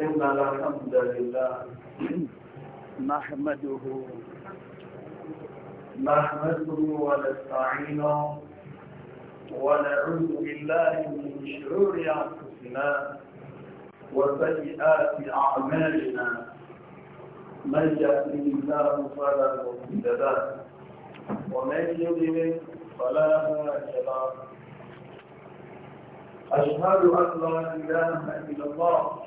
إن الحمد لله نحمده نحمده ونستعينه ونعوذ بالله من شرور أنفسنا وسيئات أعمالنا من يهده الله فلا مضل له ومن يضلل فلا هادي له أشهد أن لا إله إلا الله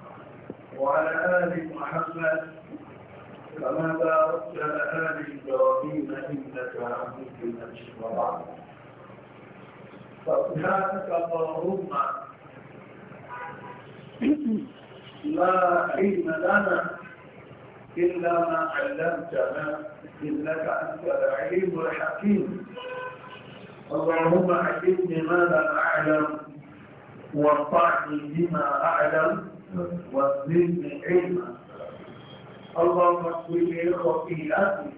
وعلى آل محمد كما باركت على آل إبراهيم إنك حميد مجيد وبعد سبحانك اللهم لا علم لنا إلا ما علمتنا إنك أنت العليم الحكيم اللهم علمني ما لا أعلم وانفعني بما أعلم وزدني علما اللهم اغفر لي خطيئتي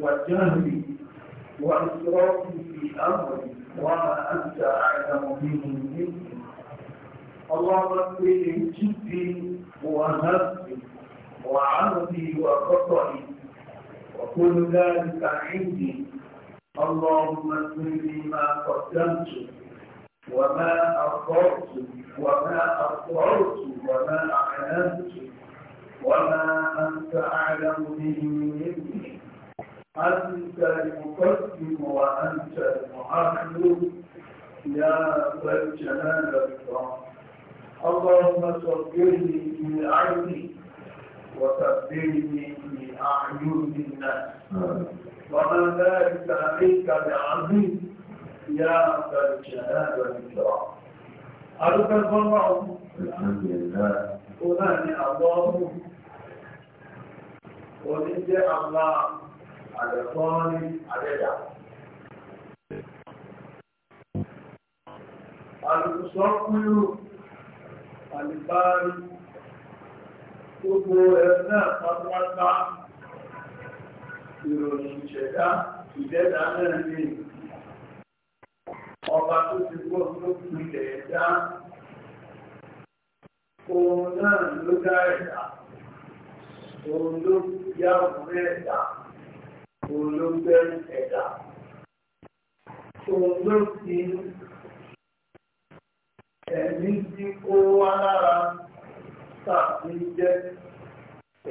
وجهلي وإسرافي في أمري وما أنت أعلم به مني اللهم اغفر لي جدي وهمي وعمدي وخطئي وكل ذلك عندي اللهم اغفر لي ما قدمت وما أخرت وما أخرت وما أعلمت وما أنت أعلم به مني أنت المقدم وأنت المعقل يا ذا الجلال والإكرام اللهم صبرني في عيني وصبرني في أعين الناس وما ذلك عليك بعظيم يا ذا الجلال والإكرام أرجو الله الحمد لله أولاني الله ونجي الله على صالح على يعقوب alùsọ́kúrò alìbárí gbogbo ẹ̀rọ pátápátá ìròyìn ìṣẹ̀dá ìdẹ́dà náà ní ọba tó ti gbọ́ tó pilẹ̀ dá òun náà ló dá ẹ̀dá òun ló yá òun ẹ̀dá òun ló gbẹ́ ẹ̀dá òun ló ti ẹ̀mí tí ó wá lára tàbí jẹ́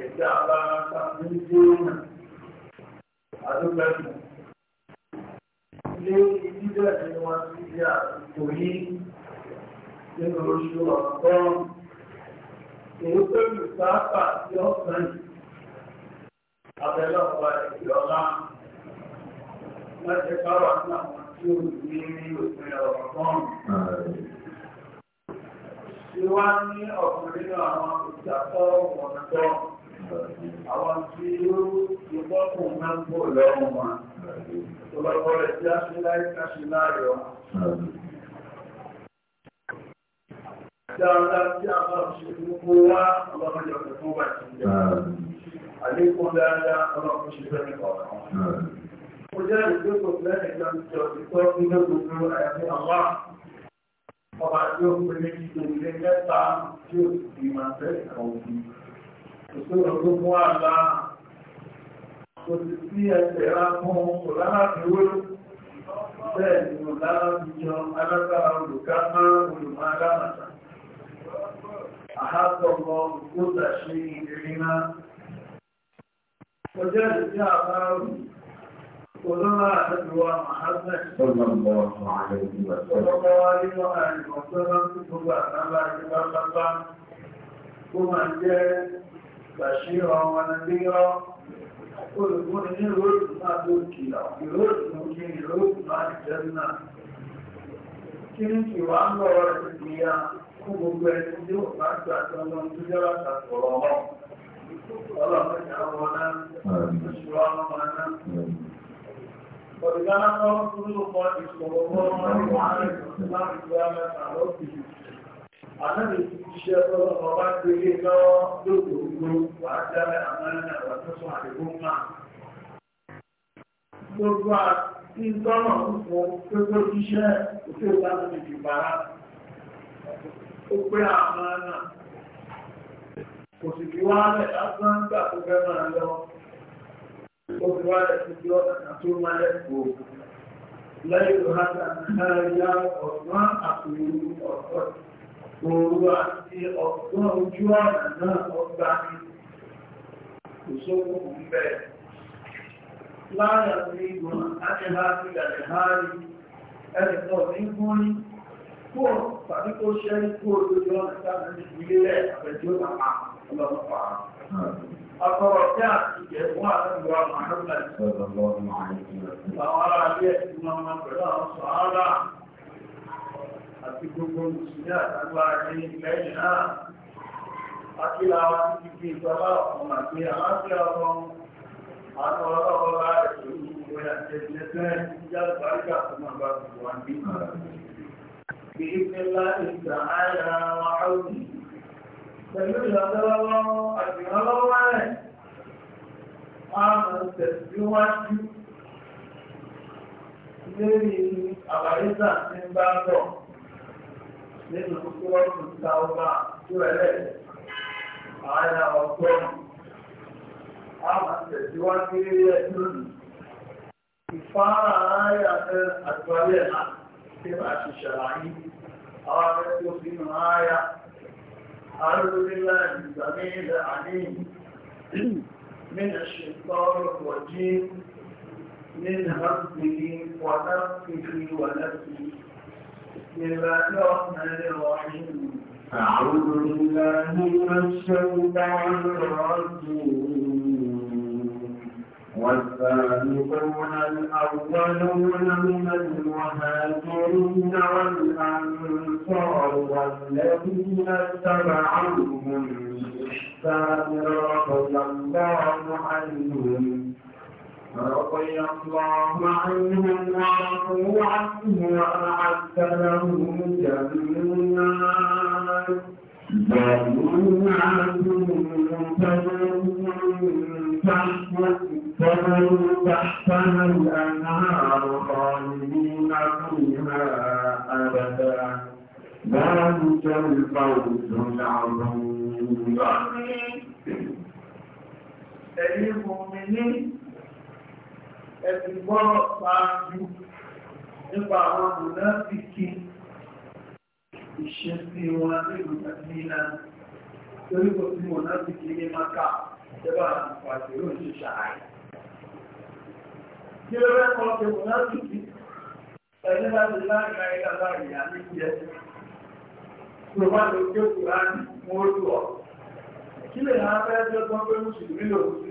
ẹ̀dá lára tàbí jẹ́ òun àdúgbẹ́sùn lé ìdílé ní wọn sí ilé àsìkò yìí nínú oṣù ọ̀gbọ́n èyí tó lù sáàpà sí ọ̀sán abẹ́lọ́pàá ìjọba láti káwà ní àwọn tí ó ní ní òpin ọ̀gbọ́n. Ìwá ní ọ̀pọ̀lọpọ̀ àwọn ìjàpọ̀ ọ̀gbọ̀n àwọn tí ó ti bọ́kùn náà kò lọ́wọ́ wọn. Ọlọ́pọ̀ rẹ̀ tí a ṣe láì káṣe láàrẹ̀ wa. Dáadáa tí a bá ṣe gbogbo wá ọlọ́pọ̀ jọ pẹ̀lú wà ti jẹ́. Àlékún dáadáa ọlọ́pọ̀ ṣe fẹ́ nípa ọ̀kan. Mo jẹ́ ìgbésọ̀ lẹ́yìn ìjọ ìjọ ìtọ́ nínú gbogbo àyàfi àwọn ọba tí ó pè ní mẹ́ta tí ó sì máa fẹ́ ìkàwé. Òṣèlú ọdún mú àlá kò sì sí ẹsẹ̀ rákún kò lára fi wóró bẹ́ẹ̀ ni kò lára fi jọ alágbára olùká máa olùmọ̀ alámàtà àhátọ̀mọ́ òkúta ṣe ìrìnà kọjá ìjá àbárò Olúwa àdúgbò Mahamad Sallallahu Alaihi Wasallam. Ọlọ́pàá wáyé wọ́n àìyàn ọ̀sọ́lá tó gbogbo àtàlá ìgbàlápá. Ó máa jẹ́ Bàṣírọ̀ wọn ní rọ́ olùgbọ́n ní ròdù máa lókè ìròdù mú kí ní ròdù máa ní jẹ́nà kí ní kí wá ń lọ́wọ́ rẹ̀ ti ya kó gbogbo ẹni tí ó bá gbà tó lọ tó jẹ́ látàkọ̀ ọ̀rọ̀ ọlọ́mọdé àwọn náà oṣù ọmọ náà Ọ̀dùgbọ́n náà wọ́n ọmọ ìgbà lọ́pìsì ànábì ti ṣiṣẹ́ lọ́wọ́ ọba gbélé lọ́wọ́ lóko gbogbo wà á dábẹ́ àmọ́lẹ́nà wà tó sún àdìgbò máa. gbogbo àti tọ́nà fún gbogbo ṣiṣẹ́ òkè ìbámu ti fi bàrà ó pé àmọ́lẹ́nà kò sì fi wálẹ̀ lásán gbà tó fẹ́ máa lọ ó fi wálẹ̀ sí ti tó máa lẹ́kọ̀ọ́ lẹ́yìn ìrọ̀lá àti àyà ọ̀gbọ́n àti ìlú òru àti ọ̀gbọ́n ojú ọ̀nà náà ọgbà ní kò ń bẹ̀. Láàrín àti ìgbọ̀n láti láti gàlẹ̀ hárí ẹnìkan ní gún ní kó tàbí kó ṣẹ́ ní kó lójú ọ̀nà àti gbogbo ìṣúdá àtàgbà ní lẹ́yìn náà akíla wọn ti fi ìjọba ọmọ àti àlàáfíà ọmọ àwọn ọlọ́pọ̀lá ẹ̀sùn ìwé àti ẹ̀sẹ̀ ìjọba àríkà tó máa bá gbogbo wa ní بإذن الله تعالى وحوله pẹ̀lú ìlọ́lọ́wọ́ àgbìrànlọ́wọ́ rẹ̀ ààrùn tẹ̀síwájú lórí nínú kókó ta ọba tó ẹlẹ́ ààyà ọgbọ́n a máa tẹ̀síwájú ilé lónìí ìfáàrà ààyà fẹ́ àgbáyé náà tí máa ṣe ṣàlàyé àwọn akẹ́kọ̀ọ́ tó fi nù ààyà àrùnlélẹ̀ ìgbàmí ilẹ̀ àníyàn من الشيطان الرجيم من همزه ونفسه ونفسه بسم الله الرحمن الرحيم أعوذ بالله من الشيطان الرجيم والسابقون الأولون من المهاجرين والأنصار والذين اتبعوهم رضي الله عنهم وعفوا عنه وأعد لهم جنات جنات تجري تحتها الأنهار خالدين فيها أبدا ذلك الفوز العظيم. Ẹ̀yin mọ̀ mi ní ẹ̀sìn gbọ́rọ̀ sáájú nípa àwọn mùnáfíkì ìṣesí wọn nílùú Mẹ́dínà torí kò sí mùnáfíkì ní Mákà ìjọba àpàtẹ yóò ṣe ṣàáyé. Kí ló rẹ́ kọ́ ṣe mùnáfíkì? Ẹni láti láàrin ayélujára láàrin àmì jẹ. Yorùbá ló gbé Kùránì mú ó lù ọ́. Kí lè máa fẹ́ jẹ́ gbọ́n pé Mùsùlùmí lòun sí?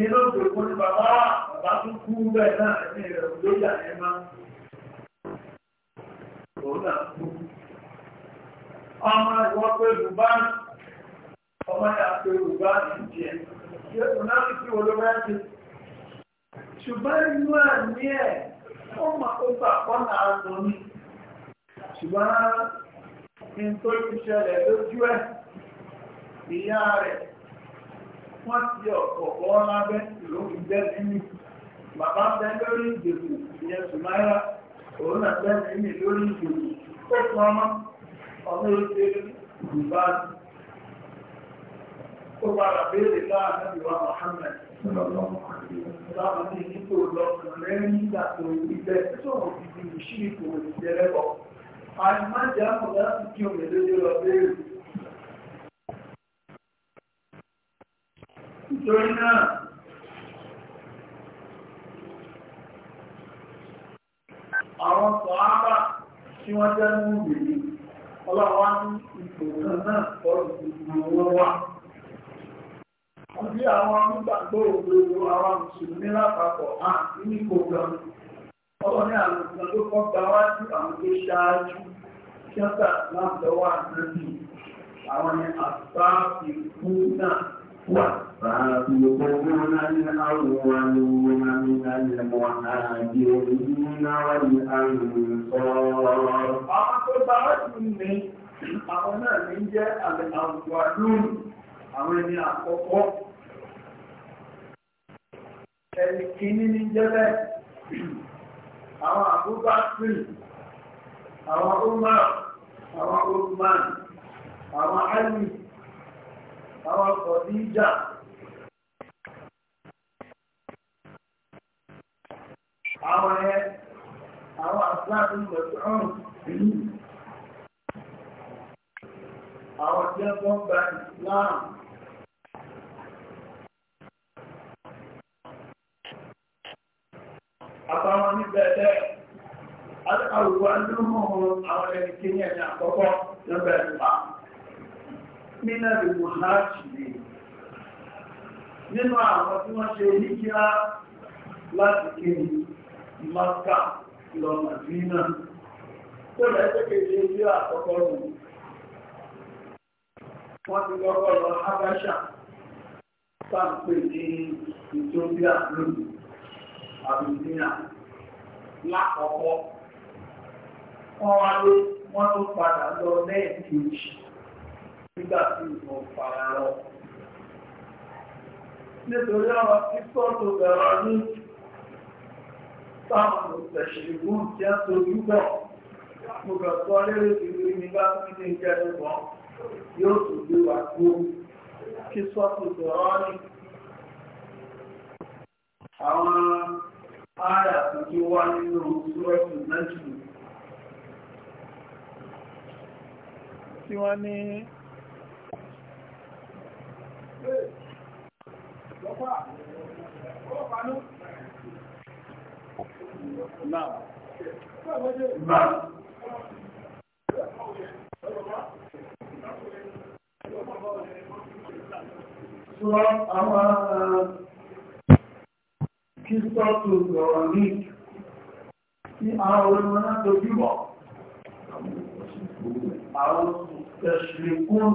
inú ògbòkó ní bàbá bàbá tún kú bẹ́ẹ̀ náà ní rẹ̀ ló yà ní ma òun náà kú ọmọ ìwọ́n pé bùbá ọmọ yà pé bùbá ìjẹ́ ṣé òun náà fi wọ́n ṣùgbọ́n inú ẹ̀ ní ẹ̀ ó mà ó gbà ṣùgbọ́n tó ti ṣẹlẹ̀ lójú wọ́n ti ọ̀pọ̀pọ̀ lábẹ́ ìlóòrùn jẹ́ nínú bàbá bẹ́ lórí ìdìbò ìyẹn sùmáyà òun náà bẹ́ nínú lórí ìdìbò ó fún ọmọ ọmọ oṣù ìbá ó padà béèrè láàrin ìwà Mohammed láwọn ní nípò lọ́kùnrin nígbà tó ìbẹ̀ tó wọ́n fi di ìṣírí kò ìjẹ́rẹ́bọ̀ àìmájà mọ̀ láti kí òmìnir nítorí náà àwọn sọ̀hábà tí wọ́n jẹ́ mú bèèrè ọlọ́wọ́ ní ipò náà fọ́rọ̀ gbogbo wọn wà bí àwọn amúgbàgbọ́ ògbòrò àwọn mùsùlùmí lápapọ̀ àti nípò gan ọwọ́ ní àwọn ìgbà tó kọ́ gba wájú àwọn tó ṣáájú kí wọ́n gbà láti ni والسابقون الأولون من المهاجرين والأنصار Àwọn náà ní jẹ́ àwọ̀ àdúrù àwọn ẹni àkọ́kọ́. Ẹni kìíní ní jẹ́ bẹ́ẹ̀, àwọn àbúbákì, àwọn Umar, àwọn Osman, àwọn Ali, àwọn Khadija àwọn ẹ àwọn àfúlàtí mẹ̀tọ́rùn ìlú àwọn tí wọ́n gba Islam àbáwọn níbẹ̀ lẹ́ àwòrán lóhùn àwọn ẹni kí ní ẹ̀yà àkọ́kọ́ lọ́bẹ̀ẹ́ nípa. nínú ìwò láti rí nínú àwọn tí wọ́n ṣe oníkíá láti kiri maka lọ màdínà tó rẹ̀ tẹ́kẹ̀ ṣe ilé àkọ́kọ́ rù wọ́n ti kọ́kọ́ lọ habasha sáàpẹ̀ ní ethiopia lónìí àbìsíyà lákọ̀ọ́kọ́ wọ́n wá lé wọ́n tó padà lọ lẹ́ẹ̀kejì nígbà tí mo fara rọ. Nítorí àwọn tí pọ́ọ̀tù bẹ̀rọ ní táwọn òṣèṣèlú jẹ́ tojú bọ̀. Mo kàn sọ lérè ìlú ní bá tí ní ìjẹ́nu mọ́ yóò tó gbé wà gbó kí pọ́ọ̀tù bẹ̀rọ ní. Àwọn ààrẹ àtúntí wá nínú súrọ́ọ̀tù náà jù. Tí wọ́n ní Sọ àwọn kírísítọ́tù ọ̀rọ̀ ní tí àwọn olóòrùn náà tó bíbọ̀. Àwọn ẹ̀ṣìlẹ̀kùnrùn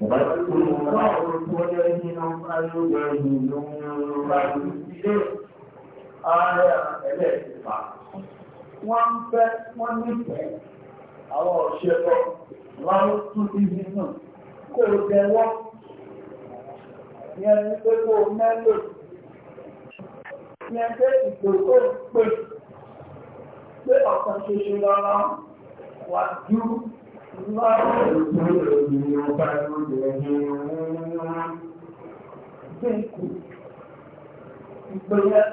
Wọ́n fẹ́ wọ́n nífẹ̀ẹ́ àwọn òṣèlú láwọn tún ibi náà kó tẹ́wọ́ yẹn ni pé kó mẹ́lò yẹn pé ìgbòkó pè pé ọ̀kan ṣoṣo lọ́rọ̀ wà dúró Ìgbéyà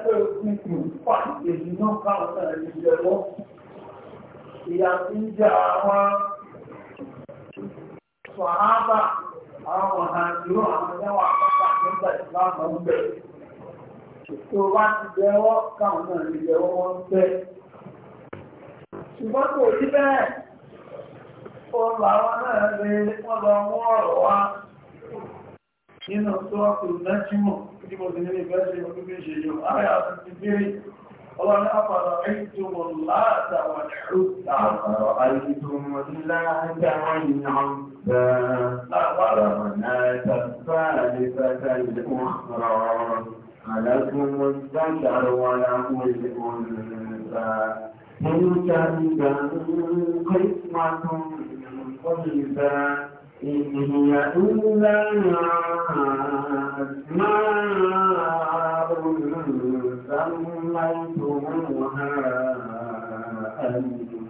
pé òfin kò fà èyí náà káwọn ẹ̀rẹ̀ ìjẹ̀wọ́. Ìyà tí ń jẹ àwọn ṣọ̀hábà, àwọn ọ̀nà ìlú àwọn ẹwà pápá nígbà ìbámu ń bẹ̀. Tó wá ti jẹ́wọ́ káwọn ẹ̀rẹ̀ ìjẹ̀wọ́ wọ́n bẹ̀. Ṣùgbọ́n kò rí bẹ́ẹ̀. ó làwọn náà lè wọ́n lọ mú ọ̀rọ̀ wá nínú tó ọkùn nájímọ̀ tí mo ti nílé ìgbẹ́ ṣe ọdún méṣe yóò ayà ti bèèrè ọlọ́run àpàdà àìjọmọ̀ látàwọn ìrúta àpàdà àìjọmọ̀ látàwọn ìrúta láwọn àtàkùn عليكم الذكر وله الأنثى تلك إذا قسمة قلبا إن هي إلا أسماء سميتموها أنتم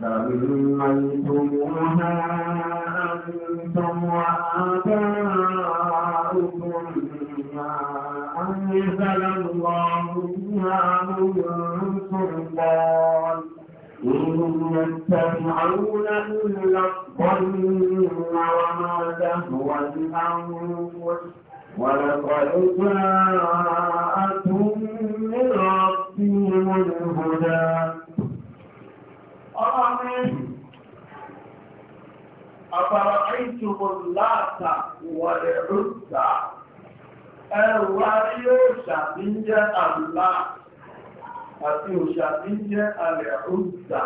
سميتموها أنتم وآباؤكم ما أنزل الله بها من سلطان يتبعون إلا الظن وما تهوى الأنفس ولقد جاءتهم من ربهم الهدى آمين أفرأيتم اللات والعزى ẹ̀wàrí òṣà tí ń jẹ́ àlá àti òṣà tí ń jẹ́ àlẹ̀ òṣà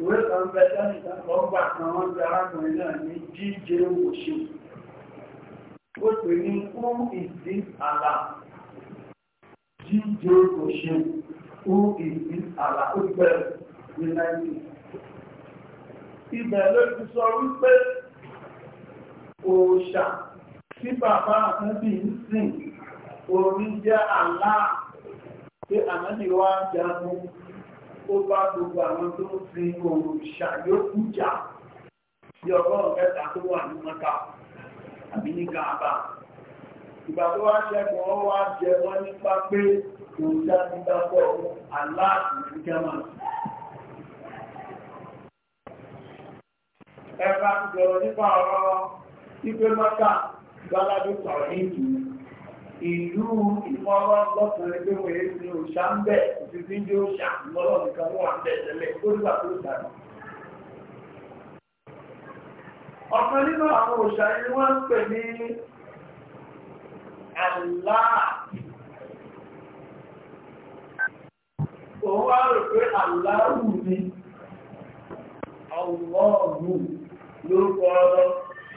ìwé kan bẹ sẹ́nìkà lọ́gbà kan wọ́n bí arákùnrin náà ní jíjẹ òṣè ó pè ní who is this Allah jíjẹ òṣè who is this Allah ó bẹ̀rẹ̀ ní nàìjíríà ibẹ̀ ló ti sọ wípé òòṣà tí bàbá àtúndì ń sìn orí jẹ́ Allah pé àmẹ́lì wá jagun ó bá gbogbo àwọn tó ń sin òòṣà yókù jà bí ọgọ́rùn tó wà ní mọ́ta àbí ní gàbà ìgbà tó wá ṣẹ́gun ọ wá jẹ wọ́n nípa pé ti bá bọ̀ aláàtì ní german ẹ̀ka ti sọ̀rọ̀ nípa ọ̀rọ̀ mọ́ta sọ̀rọ̀ ìlú ìfọwọ́ lọ́kùnrin pé wọ́n yéé ní òṣà ń bẹ̀ òfin tí ń jẹ́ òṣà lọ́lọ́ nìkan wọ́n wà ń bẹ̀ tẹ́lẹ̀ ó nígbà tó dànù. ọ̀kan nínú àwọn òṣà yìí wọ́n ń pè ní Allah òun wá rò pé aláwù ni ọlọ́ọ̀rù lórúkọ ọ̀rọ̀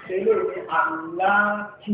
ṣe lórí aláàtù.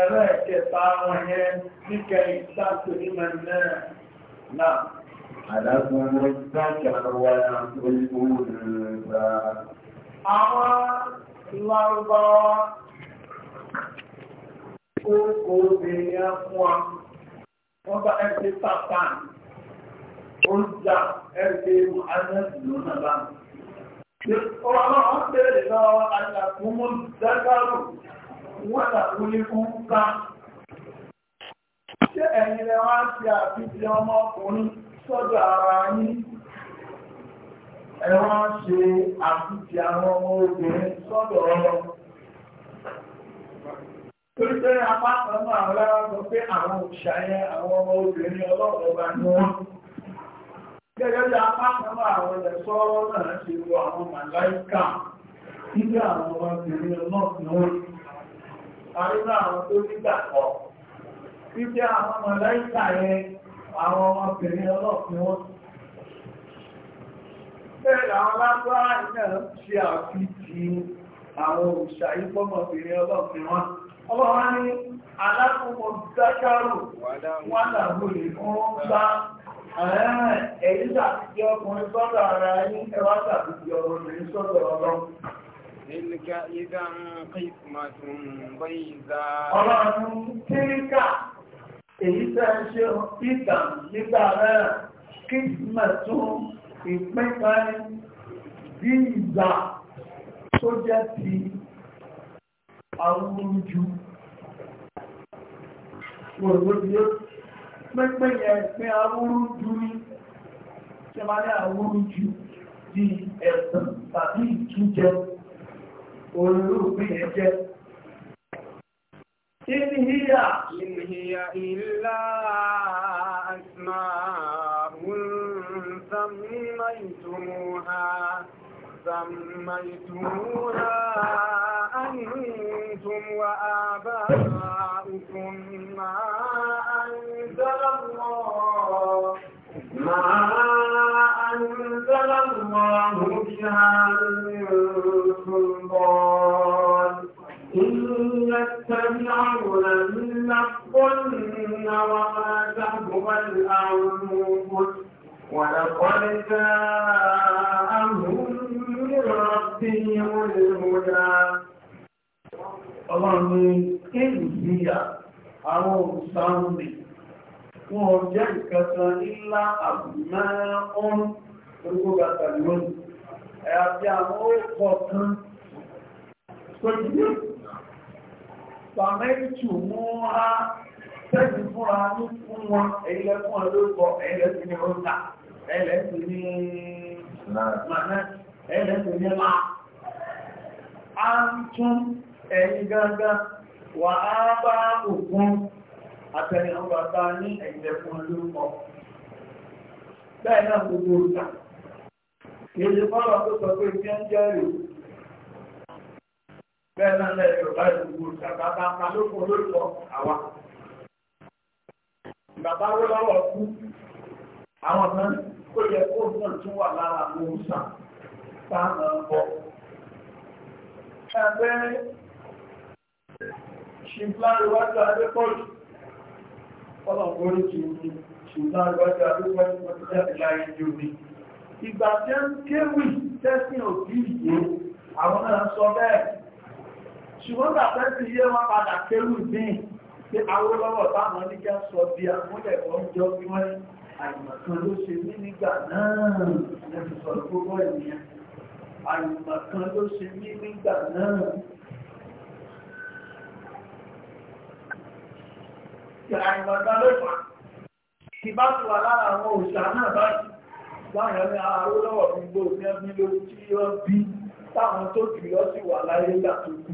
ẹ̀rọ ẹ̀kẹta wọn yẹn níkẹyìn sáàtò ní mẹ́rinà náà. Àdágún ọmọ ìgbàkẹ̀rọ wà ní olùgbà. Àwọn lárúbáwá ó kò bèèrè fún wa. Wọ́n bá ẹgbẹ́ sàtàn, ó ń jà ẹgbẹ́ Muhammad lónà bá. Ọ̀rọ̀ àwọn bèèrè lọ́wọ́ àjàkúmú dágbàrú. wọ́n là wọlé fún bá ṣé ẹ̀yin lẹ wá sí àfihàn ọmọkùnrin sọ́dọ̀ ara yín ẹ wá ṣe àfihàn àwọn ọmọ obìnrin sọ́dọ̀ ọmọ. torí pé apá kan náà àwọn lára sọ pé àwọn òṣàyẹ àwọn ọmọ obìnrin ọlọ́run ọba ni wọ́n gẹ́gẹ́ bí apá kan náà àwọn ilẹ̀ sọ́ọ́rọ́ náà ṣe lo àwọn màláìkà nígbà àwọn ọmọbìnrin ọlọ́run náà àrínú àwọn tó nígbàkọ́ wípé àwọn mọ̀lẹ́ta yẹn àwọn ọmọbìnrin ọlọ́pìn wọn bẹ́ẹ̀ làwọn lágbára náà ṣe àfíjì àwọn òṣà ọlọ́pìn wọn ọlọ́wọ́ ní alákùnmọ̀ dákàrù wọ́n làwọn olè Tilka idan qismatun bayza. Ọlọ́run tilka èyí tẹ́ ṣe ìtàn nígbà náà qismatun ìpínpín bí ìgbà tó jẹ́ ti àwọn ojú. Òròdó pínpín yẹn pín awúrújú ní ṣe máa ní awúrújú di ẹ̀sán tàbí ìtújẹ. olúbi ẹ̀jẹ̀. إن هي إن هي إلا أسماء سميتموها سميتموها أنتم وآباؤكم ما أنزل الله ما أنزل الله بها mana ẹ̀rẹ́kùn ní máa a ń tún ẹ̀yìn gangan wà á bá òkun àtẹni ọgbà bá ní ẹ̀yẹ̀kùn lórúkọ bẹ́ẹ̀ náà gbogbo òkà èdè fọ́lọ̀ tó sọ pé tí ń jẹ́ rèé bẹ́ẹ̀ náà lẹ́yìn ọ̀gá ìgbòho ìjàmbá bá ó yẹ kó náà tún wà lára àwọn òòsà tá a máa bọ̀. ẹgbẹ́ ṣìǹkláríwájú adépọ̀jù ọlọ́gbọ́n orí ti ní ṣìǹkláríwájú adépọ̀jù pẹ̀lú jáde láyé ní omi ìgbà tí ó ń kéwì tẹ́sí òbí ìyé àwọn náà sọ bẹ́ẹ̀ ṣùgbọ́n tàbẹ́ ti yé wọn padà kéwì bíi pé awólọ́wọ̀ táwọn oníkẹ́ sọ bí i àmúlẹ̀ oúnjẹ bí wọ́n ní àìmọ̀kan ló ṣe mí nígbà náà lẹ́nu sọ̀rọ̀ gbogbo ènìyàn àìmọ̀kan ló ṣe mí nígbà náà àìmọ̀kan ló fà kí bá ti wà lára àwọn òṣà náà báyìí láàrin ní aró lọ́wọ́ gbogbo ní ẹbí ló tí ó bí táwọn tó jù lọ sí wà láyé ìgbà tó kú.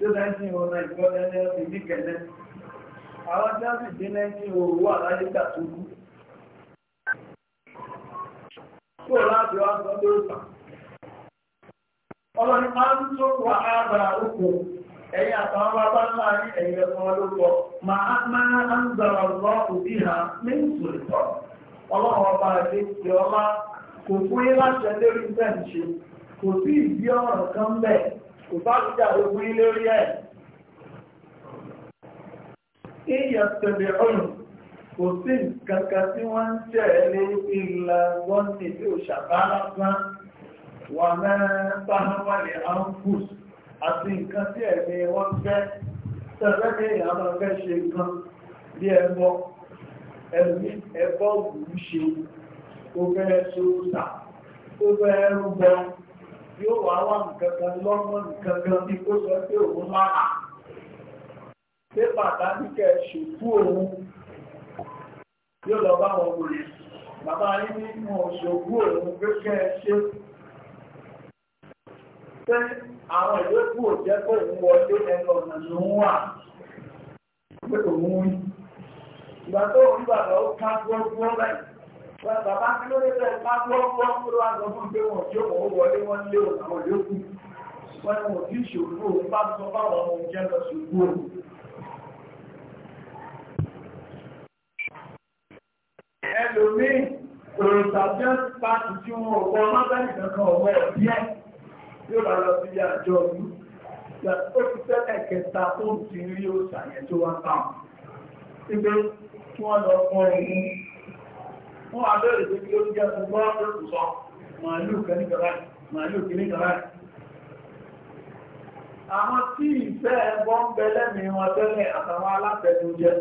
2019 ọ̀nà ìgbọ́nẹ́lẹ́ ìdíkẹ̀lẹ́ àwọn tí wọ́n sì dín lẹ́yìn òru wà láyé gbà tó kú kó láti wá sọ pé ó tàn ọlọ́ni máa ń tó wà ábàrà òkú ẹ̀yìn àtàwọn bàbá ńlá ní ẹ̀yìn ha ní ìsòlítọ̀ ọlọ́run ọba ti kò fún yín láṣẹ lórí bẹ́ẹ̀ ṣe kò sí ìdí ọ̀rọ̀ kan bẹ́ẹ̀ kò bá ti jà lórí èèyàn tẹ̀lé ọ̀nà kò sí kankan tí wọ́n ń tẹ̀lé ìlà gọ́ọ̀nì tí ò ṣàbáràbán wà náà bá wàlẹ̀ angus àti nǹkan tí ẹ̀mí wọ́n fẹ́ tẹ̀lé ó fẹ́ sóòtà yóò wá wà nǹkan kan lọ́gbọ́n nǹkan kan bí kó sọ pé òun máa pé bàbá ní òun yóò lọ bá wọn wò bàbá yín ní wọn ṣòkú òun pé ṣe pé àwọn ìyókù ò pé òun wọlé ẹnu ọ̀nà ló ń wà pé òun wí ìgbà tó òun bàbá ó ká gbọ́gbọ́ báyìí bàbá kí ló dé bẹ́ẹ̀ ká gbọ́gbọ́ ló wá sọ fún pé wọn yóò wọ́n wọlé wọn lé òun àwọn ìyókù wọn ni wọn kì í ṣòkú òun bá sọ fáwọn ọmọ òun jẹ́ lọ ṣòkú òun. ẹlòmíì òrùta tí ó ti pa tìtí wọn ọ̀pọ̀ ọmọbẹ̀rẹ̀ kankan ọ̀wọ́ ẹ̀bí ẹ̀ tí ó bá lọ sí àjọ ìlú ó ti tẹ́lẹ̀ kẹta tó ń ti rí ó ṣàyẹ̀ tó wá táwọn síbẹ̀ kí wọ́n lọ fún ọ̀hún wọ́n wá bẹ̀rẹ̀ pé kí ó jẹ́ ọgbọ́n lóṣù sọ màálù kẹ́nìkọ̀rá màálù kẹ́nìkọ̀rá àwọn tí ìfẹ́ ẹgbọ́n bẹ lẹ́mìí wọn tẹ́lẹ̀ àtàwọn alátẹnujẹ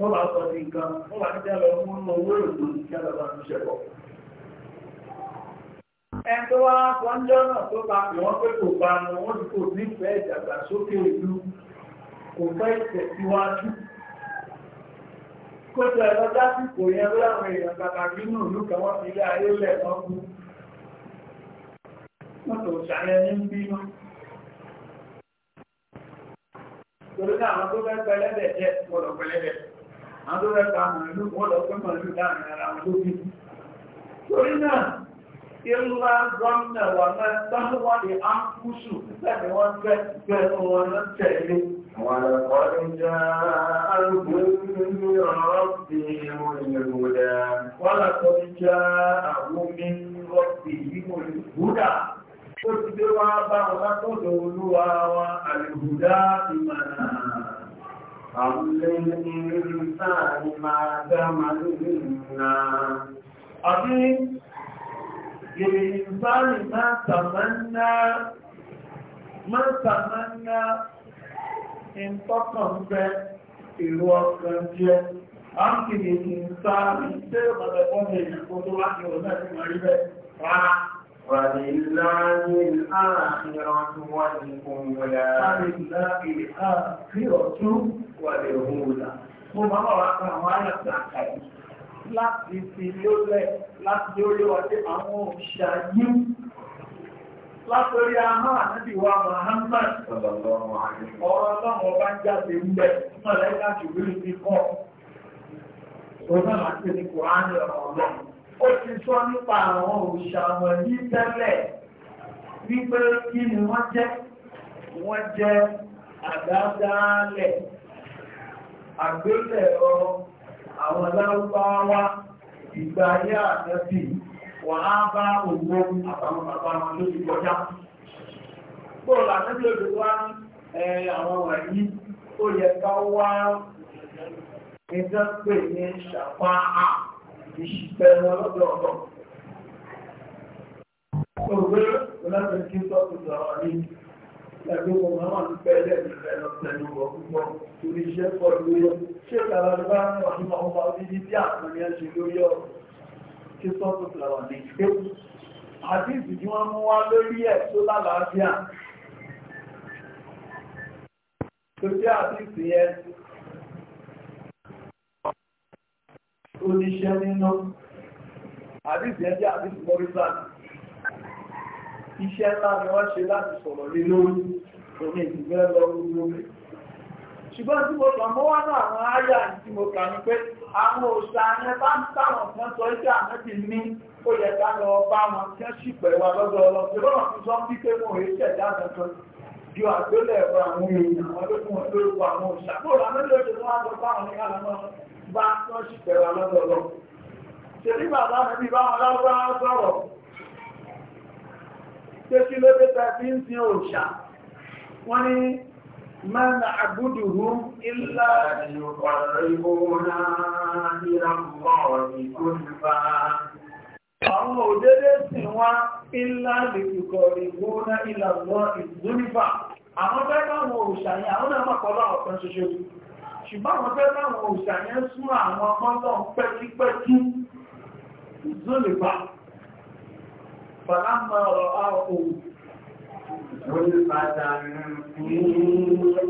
wọ́n bá sọ ní nǹkan wọ́n bá jẹ́ lọ mú owó ìlú ìjọba bá ń ṣẹ̀bọ̀. ẹn tó wá sọ́njọ́ náà tó bá pè wọ́n pé kò bá nu wọ́n kò nífẹ̀ẹ́ ìdàgbàsókè ìlú kò fẹ́ ìtẹ̀síwájú. kó tẹ lọ dásìkò yẹn láwọn èèyàn pàtàkì nù ìlú kan wọ́n fi ilé ayé lẹ̀ wọ́n kú. wọ́n tó ṣàyẹn ní bínú. torí náà àwọn tó fẹ́ pẹlẹ́bẹ̀ jẹ́ gbọ́dọ̀ àwọn tó rẹ̀ta màálù wọ́n lọ pé màálù láàrin ara wọn lókè torí náà ìlà gọ́ọ̀nà wà mẹ́ta wọ́n lè á kúsù lẹ́ni wọ́n fẹ́ pẹ̀lú wọn lọ tẹ̀lé ولقد جاءهم من ربهم الهدى ولقد جاءهم من ربهم الإنسان ما تمنى أبي للإنسان ما تمنى ما تمنى إن تقم به ìlú ọkàn jẹ́ áńkìdì ní sáàrí tẹ́ ọ̀pọ̀lọpọ̀ ọmọ ìyàkó tó wá ní ọ̀nà tí wọ́n rí rárá wà ní ohun wọlá mo máa wà wá kan àwọn àyà tí a kà yìí láti fi lólẹ̀ láti lórí ọdẹ àwọn òṣìṣà yìí látorí ahọ́n ànábì wa Muhammad ọ̀rọ̀ ọlọ́run ọba jáde ń bẹ̀ mọ̀lẹ́ka ṣùgbọ́n ti kọ́ ọ̀nà àti ní Kùránì ọ̀rọ̀ ọlọ́run ó ti sọ nípa àwọn òṣìṣà wọ̀nyí tẹ́lẹ̀ wípé kí ni wọ́n jẹ́ wọ́n jẹ́ àdádálẹ̀ àgbélẹ̀ ọ̀rọ̀ àwọn ahịa ìgbà ayé àtẹ́bì wà á bá ògbó àtàwọn bàbá wọn ló ti kọjá. Bọ́ọ̀lù àtẹ́bì òjò wá àwọn wàyí ó yẹ ká wá ìjọ́pè ní ṣàpá à ìṣìpẹ̀ wọn lọ́dọ̀ ọ̀dọ̀. Òwe ọlọ́pẹ̀ kí sọ́kùnrin ẹgbẹ́gbọ́n máa ń pẹ́lẹ̀ ìfẹ́lọ pẹ̀lú ọkùnkọ́ torí iṣẹ́ pọ̀ lórí ṣe tààrà ló bá ń wọ̀n máa ń bá orí bí àkùnrin ẹ̀ ṣe lórí ọ̀rọ̀ tí sọ́tù fìlàwà ní ìgbé àti ìsìnkú wọn mú wá lórí ẹ̀ tó lálàáfíà tó jẹ́ oníṣẹ́ nínú àti ìsìn yẹn jẹ́ iṣẹ́ ńlá ni wọ́n ṣe láti sọ̀rọ̀ lé lórí omi ìgbẹ́ lọ lórí ṣùgbọ́n tí mo kàn mọ́ wá náà àwọn àyà tí mo kà ní pé àwọn òṣà yẹn bá ń táwọn kan sọ iṣẹ́ àmẹ́bí ní ó yẹ ká lọ bá wọn kí wọ́n sì pẹ̀ wá lọ́dọ̀ ọlọ́pẹ́ lọ́nà tó sọ bí pé wọn ò rí ṣẹ̀dá kankan ju àgbélẹ̀ ẹ̀rọ àwọn èèyàn àwọn olókùn wọn lórúkọ àwọn òṣà kó làmẹ́lẹ́ òṣèlú wọn lọ bá wọn ní àlámọ́ bá wọn sì pẹ̀ wá lọ́dọ̀ ọlọ́pẹ́ pé kí ló dé tàbí ń sin òòṣà wọ́n ní máa na àbúdù hún ilá àwọn òdédé sì wá ilá lèkùkọ̀ ìgbóná ilà lọ ìgbónífà àwọn fẹ́ láwọn òṣàyẹ àwọn náà mọ̀kọ́lá ọ̀kan ṣoṣo ṣùgbọ́n àwọn fẹ́ láwọn òṣàyẹ sún àwọn ọmọ náà فلما رآه ظلفة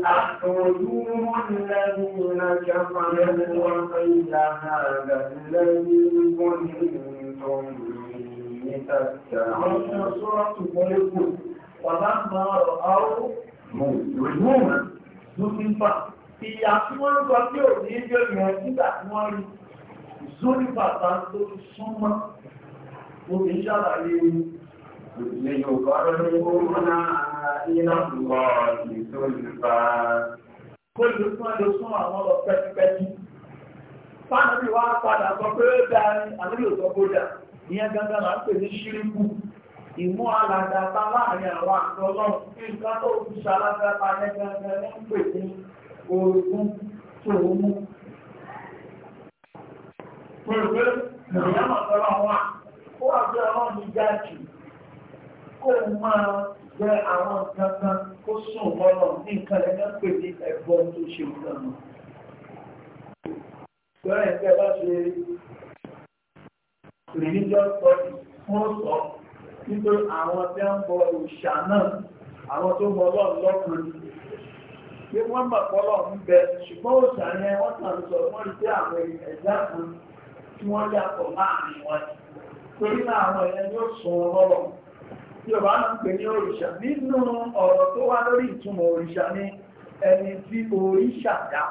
أخرجوه الذين كفروا وقيل هذا الذي كنتم تتبعون سورة ملك فلما رآه مجرما ظلفة ìyà tí wọ́n ń sọ tí ò ní jẹ́ ìrìn nígbà tí wọ́n rí zúrí bàbá tó súnmọ́ mo fi ń ṣàlàyé lẹ́yìn ọ̀gọ́rọ̀ ní gómìnà iná lọ ìlú ìfà. Olùsọ́ ló sún àwọn lọ pẹ́kipẹ́kí. Fáànàbí wá padà sọ pé ó dáa ní àlúlò sọ bódà. Ìyẹn gangan là ń pè ní ṣíríkù. Ìmú alàdàta láàrin àwọn àti ọlọ́run. Nǹkan tó fi ṣalágbáta yẹn gangan ń pè ní orogún tó mú. Olùgbé ìyá màtọ́lá wà ó wà bí ọlọ́run ní gáàjì kó máa jẹ àwọn kankan kó sùn lọ́nà ní nǹkan ẹ̀yẹ pè ní ẹ̀gbọ́n tó ṣe nǹkan mọ́. Ìgbọ́n ẹ̀gbẹ́ bá ṣe religious study fún ọ̀sọ̀ nítorí àwọn tí ń bọ òòṣà náà àwọn tó mọ ọlọ́run lọ́kùnrin pé wọ́n mọ̀ pọ́lọ̀ ń bẹ ṣùgbọ́n òòṣà yẹn wọ́n tàn sọ wọ́n rí pé àwọn ẹ̀dá kan tí wọ́n yàtọ̀ láàrin wọn torí náà àwọn èèyàn yóò sùn lọ́rọ̀ tí ọba náà ń pè ní òrìṣà nínú ọ̀rọ̀ tó wá lórí ìtumọ̀ òrìṣà ní ẹni tí òrìṣà dá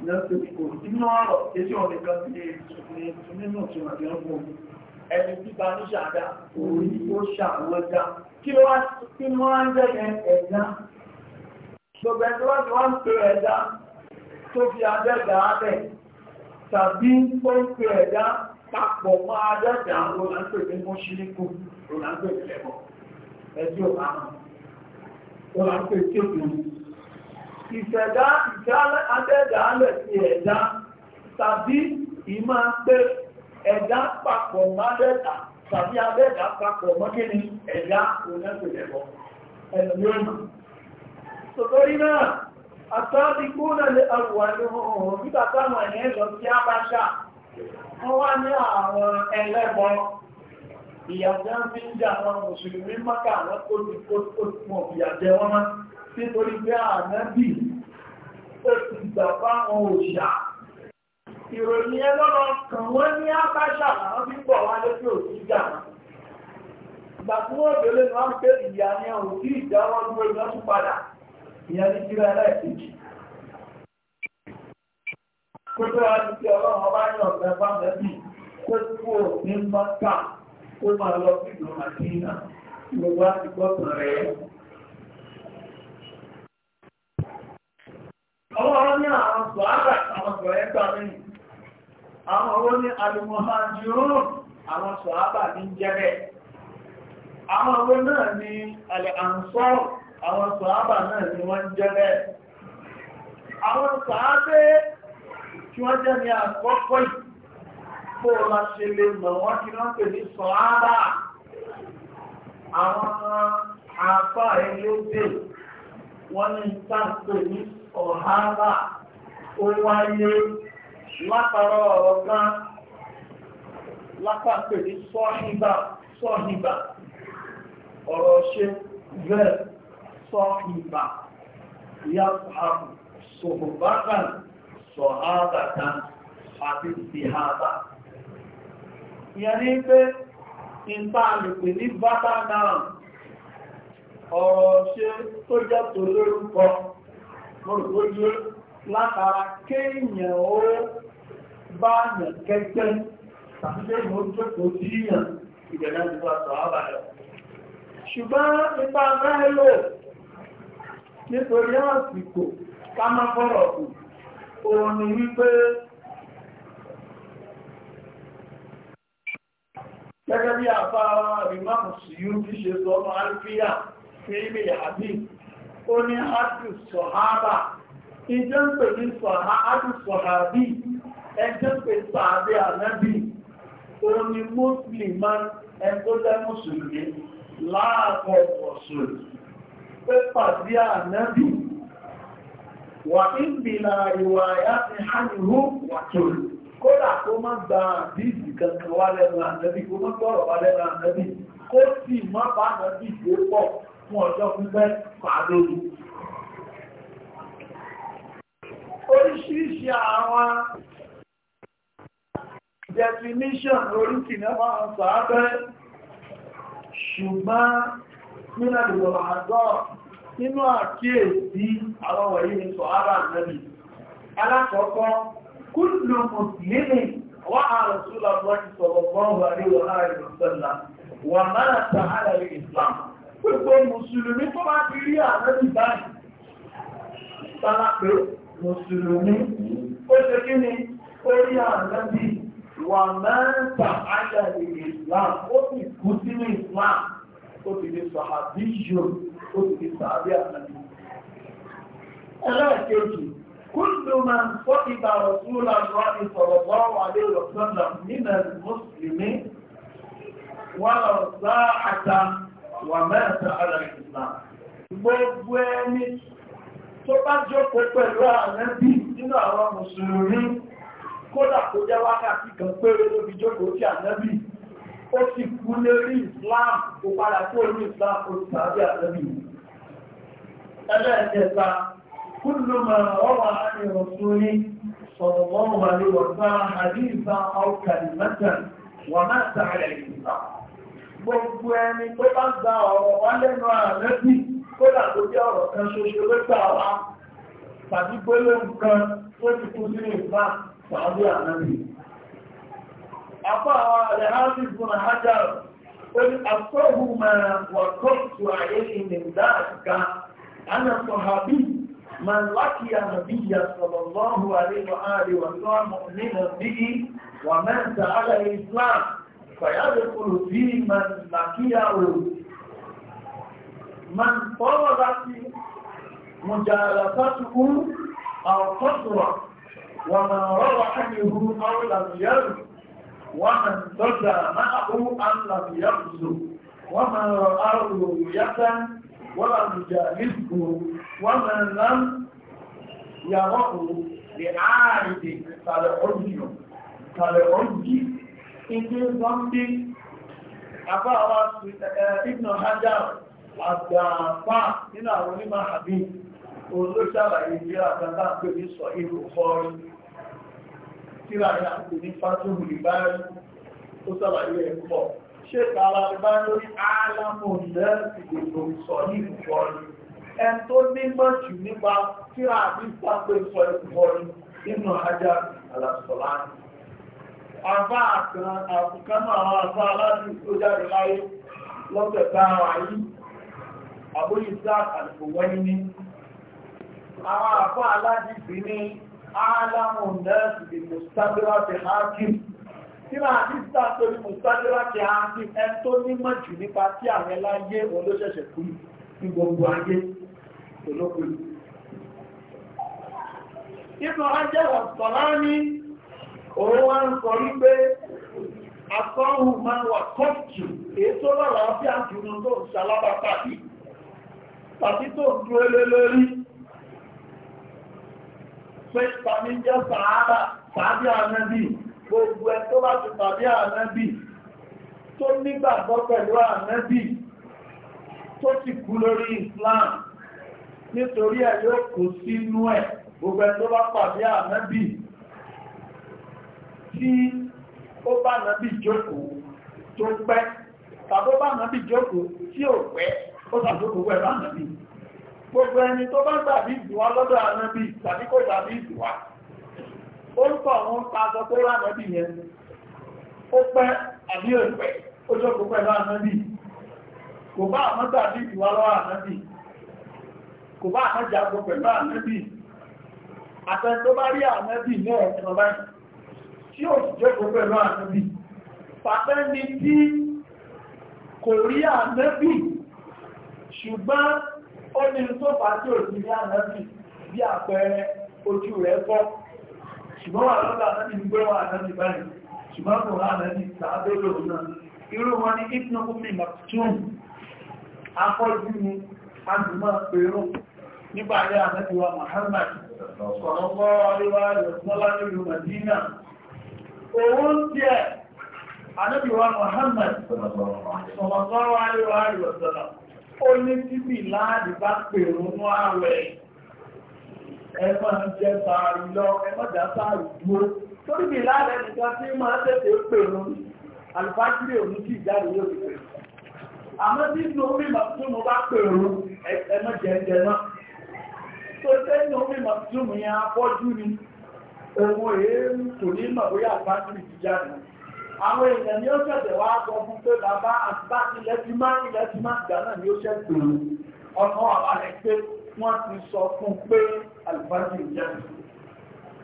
nínú ọ̀rọ̀ èyí ò nìkan ti nínú ìtumọ̀ tí wọ́n mú ẹni tí bá ní ṣàdá orí ó ṣàwọ́dá kí wọ́n ń jẹ́ yẹn ẹ̀dá gbogbo ẹni wá ń pè ẹ̀dá tó fi abẹ́gbà ábẹ́ tàbí tó ń pè ẹ̀dá papọ̀ máa dẹ́dà olàgbẹ̀ ní mọ́ṣílẹ́kù olàgbẹ̀ ìlẹ̀bọ̀ ẹjọ́ àmà olàgbẹ̀ kéèkù ìṣẹ̀dá ìṣẹ́lẹ̀ adẹ́dàálẹ̀ ti ẹ̀dá tàbí ìmá pé ẹ̀dá papọ̀ máa dẹ́dà tàbí adẹ́dà papọ̀ mọ́kíní ẹ̀dá olàgbẹ̀ ìlẹ̀bọ̀ ẹ̀lẹ́mìíràn àtọ́dígbóná lè ọrùwà ní ohun nígbà táwọn ènìyàn lọ sí abáṣà wọ́n wá ní àwọn ẹlẹ́bọ ìyàjá ń fi ń jẹ àwọn mùsùlùmí mọ́kà àwọn kóòtùkóòtùmọ̀ ìyàjẹ wọn mọ́ nítorí pé ànábì ó ti gbà fáwọn òòṣà ìròyìn ẹlọ́rọ̀ kan wọ́n ní abáṣà làwọn fi ń bọ̀ wá lókè òsì jà wọn ìgbà tí wọ́n délé ni wọ́n ń pè ìyá ní òsì ìjà wọn ìyẹn ní kíra ẹlẹ́ẹ̀kejì kó tó wá ní kí ọlọ́run ọba yàn ọ̀gbẹ́ bá ní mọ́tà kó gbogbo ní àwọn sọ̀árà àwọn sọ̀rẹ́ gbà àwọn owó ní alùmọ̀hánjúrún àwọn ní àwọn sọ̀hábà náà ni wọ́n jẹ́ bẹ́ẹ̀ àwọn sọ̀hábẹ́ tí wọ́n jẹ́ ní àkọ́kọ́ yìí kó o la ṣe lè mọ̀ wọ́n kí wọ́n pè ní sọ̀hábà àwọn àfà ẹni ó dé wọ́n ní sáàpè ní sọ̀hábà ó wáyé látara ọ̀rọ̀ kan lápapè ní sọ̀híbà sọ̀híbà ọ̀rọ̀ ṣe bẹ́ẹ̀ sọ́ọ̀hìbà yá sọ̀hùbákan sọ̀hábàkan àti ìhàbà ìyẹn ní pé ìta àlùpè ní bátà náà ọ̀rọ̀ ṣe tó jẹ́ tó lórúkọ mọ́rùgbójú látara kéèyàn ó bá yàn kẹgbẹ́ tàbí lẹ́yìn ó jókòó sí yàn ìgbẹ̀lẹ́ ìgbà ṣùgbọ́n ipa mẹ́lò nítorí àsìkò ká má fọ́rọ̀ kù òun ni wípé gẹ́gẹ́ bí àfáà ìmáàmù síyú tí ṣe sọ ọmọ alfíà fi ilé àbí ó ní ádù sọ̀hábà ìjẹ́ ń pè ní ádù sọ̀hábì ẹjẹ́ pè sàádé ànábì ó ní mùsùlùmí ẹgbẹ́ mùsùlùmí láàkọ̀ọ̀sùlùmí pé pàdé ànábì wà ìbìlà ìwà ti hánihú wà kódà kó má gba àdíjì kankan wá lẹ́nu ànábì kó má gbọ́rọ̀ wá lẹ́nu ànábì kó sì má bá ànábì tó pọ̀ fún ọjọ́ pípẹ́ pàdé oríṣiríṣi àwọn definition orí nínú àdìwọ̀ àgọ́ nínú àkíyèsí àwọn wọ̀nyí ni sọ ara nàbì alákọ̀ọ́kọ́ kúlù mùsùlùmí wà àrùsùlọ́gbọ́n ìsọ̀rọ̀gbọ́n wà ní wà àrùsùlọ́gbọ́n wà máa tààrà ìsìlámù pípọ̀ mùsùlùmí tó bá ti rí àrẹ́bì báyìí tààrà pé mùsùlùmí ó ṣe kú sínú ìsìlámù ó ti di sàhábí yòó ó ti di sàhábí àtàbí. ẹlẹ́ẹ̀kejì kúndùn máa ń fọ́ ìgbà ọ̀túnlá lọ́wọ́ ìsọ̀rọ̀gbọ́ wà lè lọ́sọ́nà nínú mùsùlùmí wọ́n lọ sá àtà wà mẹ́ta ara ìsìlá. gbogbo ẹni tó bá jókòó pẹ̀lú ànábì nínú àwọn mùsùlùmí kódà kó jẹ́ wákàtí kan péré ló jókòó sí ànábì ó ti kú lórí Islam kò padà kú lórí Islam kò ní sàábí àtẹ́bí ẹlẹ́ẹ̀kẹta kúlù máa ọwà ní ọ̀tún ní sọ̀rọ̀mọ́rùn wà ní wọ̀tá àdíìsá ọkàlì mẹ́ta wà máa sàárẹ̀ ìgbà gbogbo ẹni tó bá gba ọ̀rọ̀ wá lẹ́nu àrẹ́bí kódà tó jẹ́ ọ̀rọ̀ kan ṣoṣo ló gbà wá tàbí gbólóhùn kan tó ti kú sínú ìfà sàábí àtẹ́bí أطاع لحافظ بن حجر قل أصله ما وقفت عليه من ذلك أنا صحابي من لقي النبي صلى الله عليه وآله وسلم مؤمنا به ومات على الإسلام فيدخل في من لقيه من طردت مجالسته أو قصرة ومن روى عنه أو لم يرد ومن صدى معه أن لم يخزو ومن رآه رؤية ولم يجالسه ومن لم يره لعائد فالعجي فالعجي إن ذنبي أبا ابن حجر àgbàfà nínú àwọn onímọ̀ àbí olóṣàlàyé jẹ́ àgbàtà pé ní sọ ìlú fọ́rí tíra ní àkókò ní fásitì ìbáyé tó sàlàyé ẹ̀ pọ̀ ṣé tààrà bá lórí álámù lẹ́ẹ̀sì gbogbo sọ ní ìfọ́rí ẹ tó nímọ̀ jù nípa tíra àbí pápẹ́ sọ ìfọ́rí nínú ajá àlàsọ̀lá àbá àkàn àbùkánà àwọn àbá aláàbí tó jáde láyé lọ́sẹ̀ táwọn ayé sáà àlùkò wẹ́yìn ní àwọn àbá aláàbí áàlámù nẹ́ẹ̀sì bí mùsàdúrà ti hákìm tí máa ní sísá tó ní mùsàdúrà ti hákìm ẹ tó nímọ̀ jù nípa tí àwọn ẹláyé wọn ló ṣẹ̀ṣẹ̀ kú ní gbogbo ayé olókùn Ibn Hajar Asqalani òun wá ń pé tàbí jẹ́ sàárà tàbí ànábì gbogbo ẹ tó bá ti tàbí ànábì tó nígbàgbọ́ pẹ̀lú ànábì tó ti kú lórí Islam nítorí ẹ̀ yóò kó sínú ẹ̀ gbogbo ẹ tó bá pàdé ànábì tí ó bá ànábì jókòó tó pẹ́ tàbí ó bá ànábì jókòó tí ò pẹ́ ó sàjókòó pẹ̀lú ànábì gbogbo ẹni tó bá gbàbí ìdùwá lọ́dọ̀ ànábì tàbí kò gbàbí ìdùwá ó ń tọ̀ wọn pàṣọ tó rà ànábì yẹn ó pẹ́ àbí òpẹ́ ó jókòó pẹ̀lú ànábì kò bá àmọ́ gbàbí ìdùwá lọ́wọ́ ànábì kò bá àmọ́ jago pẹ̀lú ànábì àtẹni tó bá rí ànábì náà kan báyìí tí ó sì jókòó pẹ̀lú ànábì pàtẹ́ni tí kò rí ànábì ṣùgbọ́n ó ní tó fà á tí ò sí ní ànábì bí àpẹẹrẹ ojú rẹ̀ fọ́ ṣùgbọ́n wà lọ́dọ̀ ànábì ń gbé wọn ànábì báyìí ṣùgbọ́n kò rán ànábì tàbí lòun náà irú wọn ní ibn umi maktum afọ́jú ni agbìmọ̀ pẹ̀lú nígbà rẹ̀ ànábì wa Muhammad sọ̀rọ̀mọ́ àríwá ìrọ̀sọ́lá nílùú Madina òun díẹ̀ ànábì wa Muhammad sọ̀rọ̀mọ́ àríwá ìrọ̀sọ́lá ó ní bíbí láàrí bá pèrò ní ààwẹ̀ ẹ máa jẹ sàárì lọ ẹ má dá sàárì dúró torí bí láàrẹ nìkan tí máa tètè pèrò alùpàkìrì òní kì í jáde yóò ti pèrò àmọ́ tí inú omi màtúmù bá pèrò ẹ má jẹ jẹ náà tó tẹ́ inú omi màtúmù yẹn afọ́jú ni òun èé kò ní mọ̀ bóyá alùpàkìrì ti jáde àwọn èèyàn ni ó ṣẹ̀ṣẹ̀ wá sọ fún pé bàbá àtibá ilẹ̀ ti máa ilẹ̀ ti máa gbà náà ni ó ṣẹ̀ pèrò ọ̀nà àbálẹ̀ pé wọ́n ti sọ fún pé àlùfáàjì ìjẹ́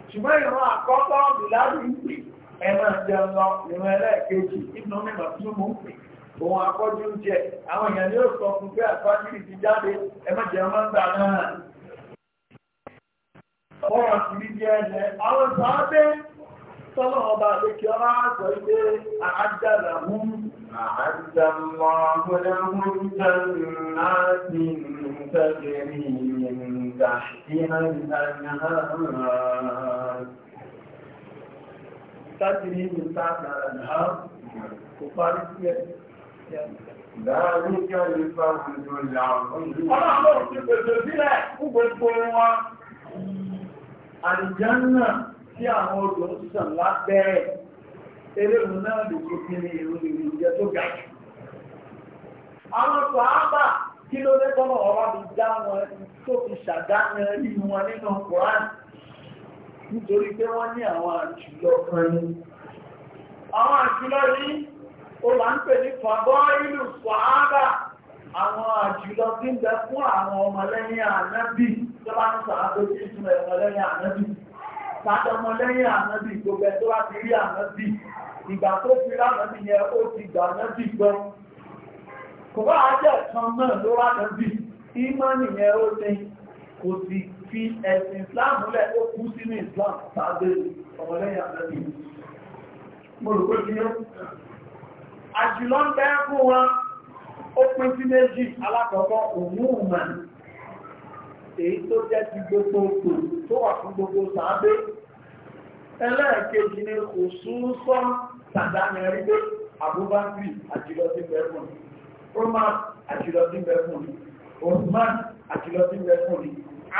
ṣùgbọ́n ìran àkọ́kọ́ bìláàdì ń pè ẹ̀nà jẹun lọ ìran ẹlẹ́ẹ̀kejì ìbùnú mímọ̀ tí mo ń pè òun akọ́jú ń jẹ àwọn èèyàn yóò sọ fún pé àlùfáàjì ti jáde ẹ̀mọ́ jẹun máa ń gbà náà. ọ̀rọ̀ sì ní jẹ́ ẹ̀jẹ̀ àwọn sàádé فالله بعدك يرى عزيزي أعد لهم أعد الله لهم جنات تجري من تحتها الأنهار تجري من تحتها الأنهار كفارسية ذلك الفرد العظيم الجنة tí àwọn odò ń sàn lábẹ́rẹ̀ eléhùn náà lè kó kí ni èrò èrò ìjẹ tó ga jù. àwọn sàábà kí ló dé tọ́lọ̀ ọba fi dá wọn tó fi ṣàdáná yìí wọn nínú Quran nítorí pé wọ́n ní àwọn àjùlọ kan ní. àwọn àjùlọ yìí ó là ń pè ní fàbọ́ ìlú sàábà àwọn àjùlọ tí ń bẹ fún àwọn ọmọlẹ́yìn ànábì tó bá ń sàábà tó ti ń túnbẹ̀ ọmọlẹ́yìn ànábì tàbọmọ lẹ́yìn ànábì gbogbo ẹ̀ tó wá ti rí ànábì ìgbà tó fi ránàbì yẹn ó ti gbà ànábì gbọ́ kò bá ajẹ́ kan náà ló wá ànábì ìmọ̀ nìyẹn ó ní kò sì fi ẹ̀sìn Islam lẹ̀ ó kú sínú Islam tàbí ọmọlẹ́yìn ànábì mo rò pé kí ó àjùlọ ń bẹ́ fún wọn ó pín sí méjì alákọ̀ọ́kọ́ òmùmọ̀ èyí tó jẹ́ ti gbogbo òkú tó wà fún gbogbo sàábé ẹlẹ́ẹ̀kejì ni kò súnsọ́ sàdánì rí pé Abubakar àjùlọ́sí bẹ́ẹ̀kùn Umar àjùlọ́sí bẹ́ẹ̀kùn Osman àjùlọ́sí bẹ́ẹ̀kùn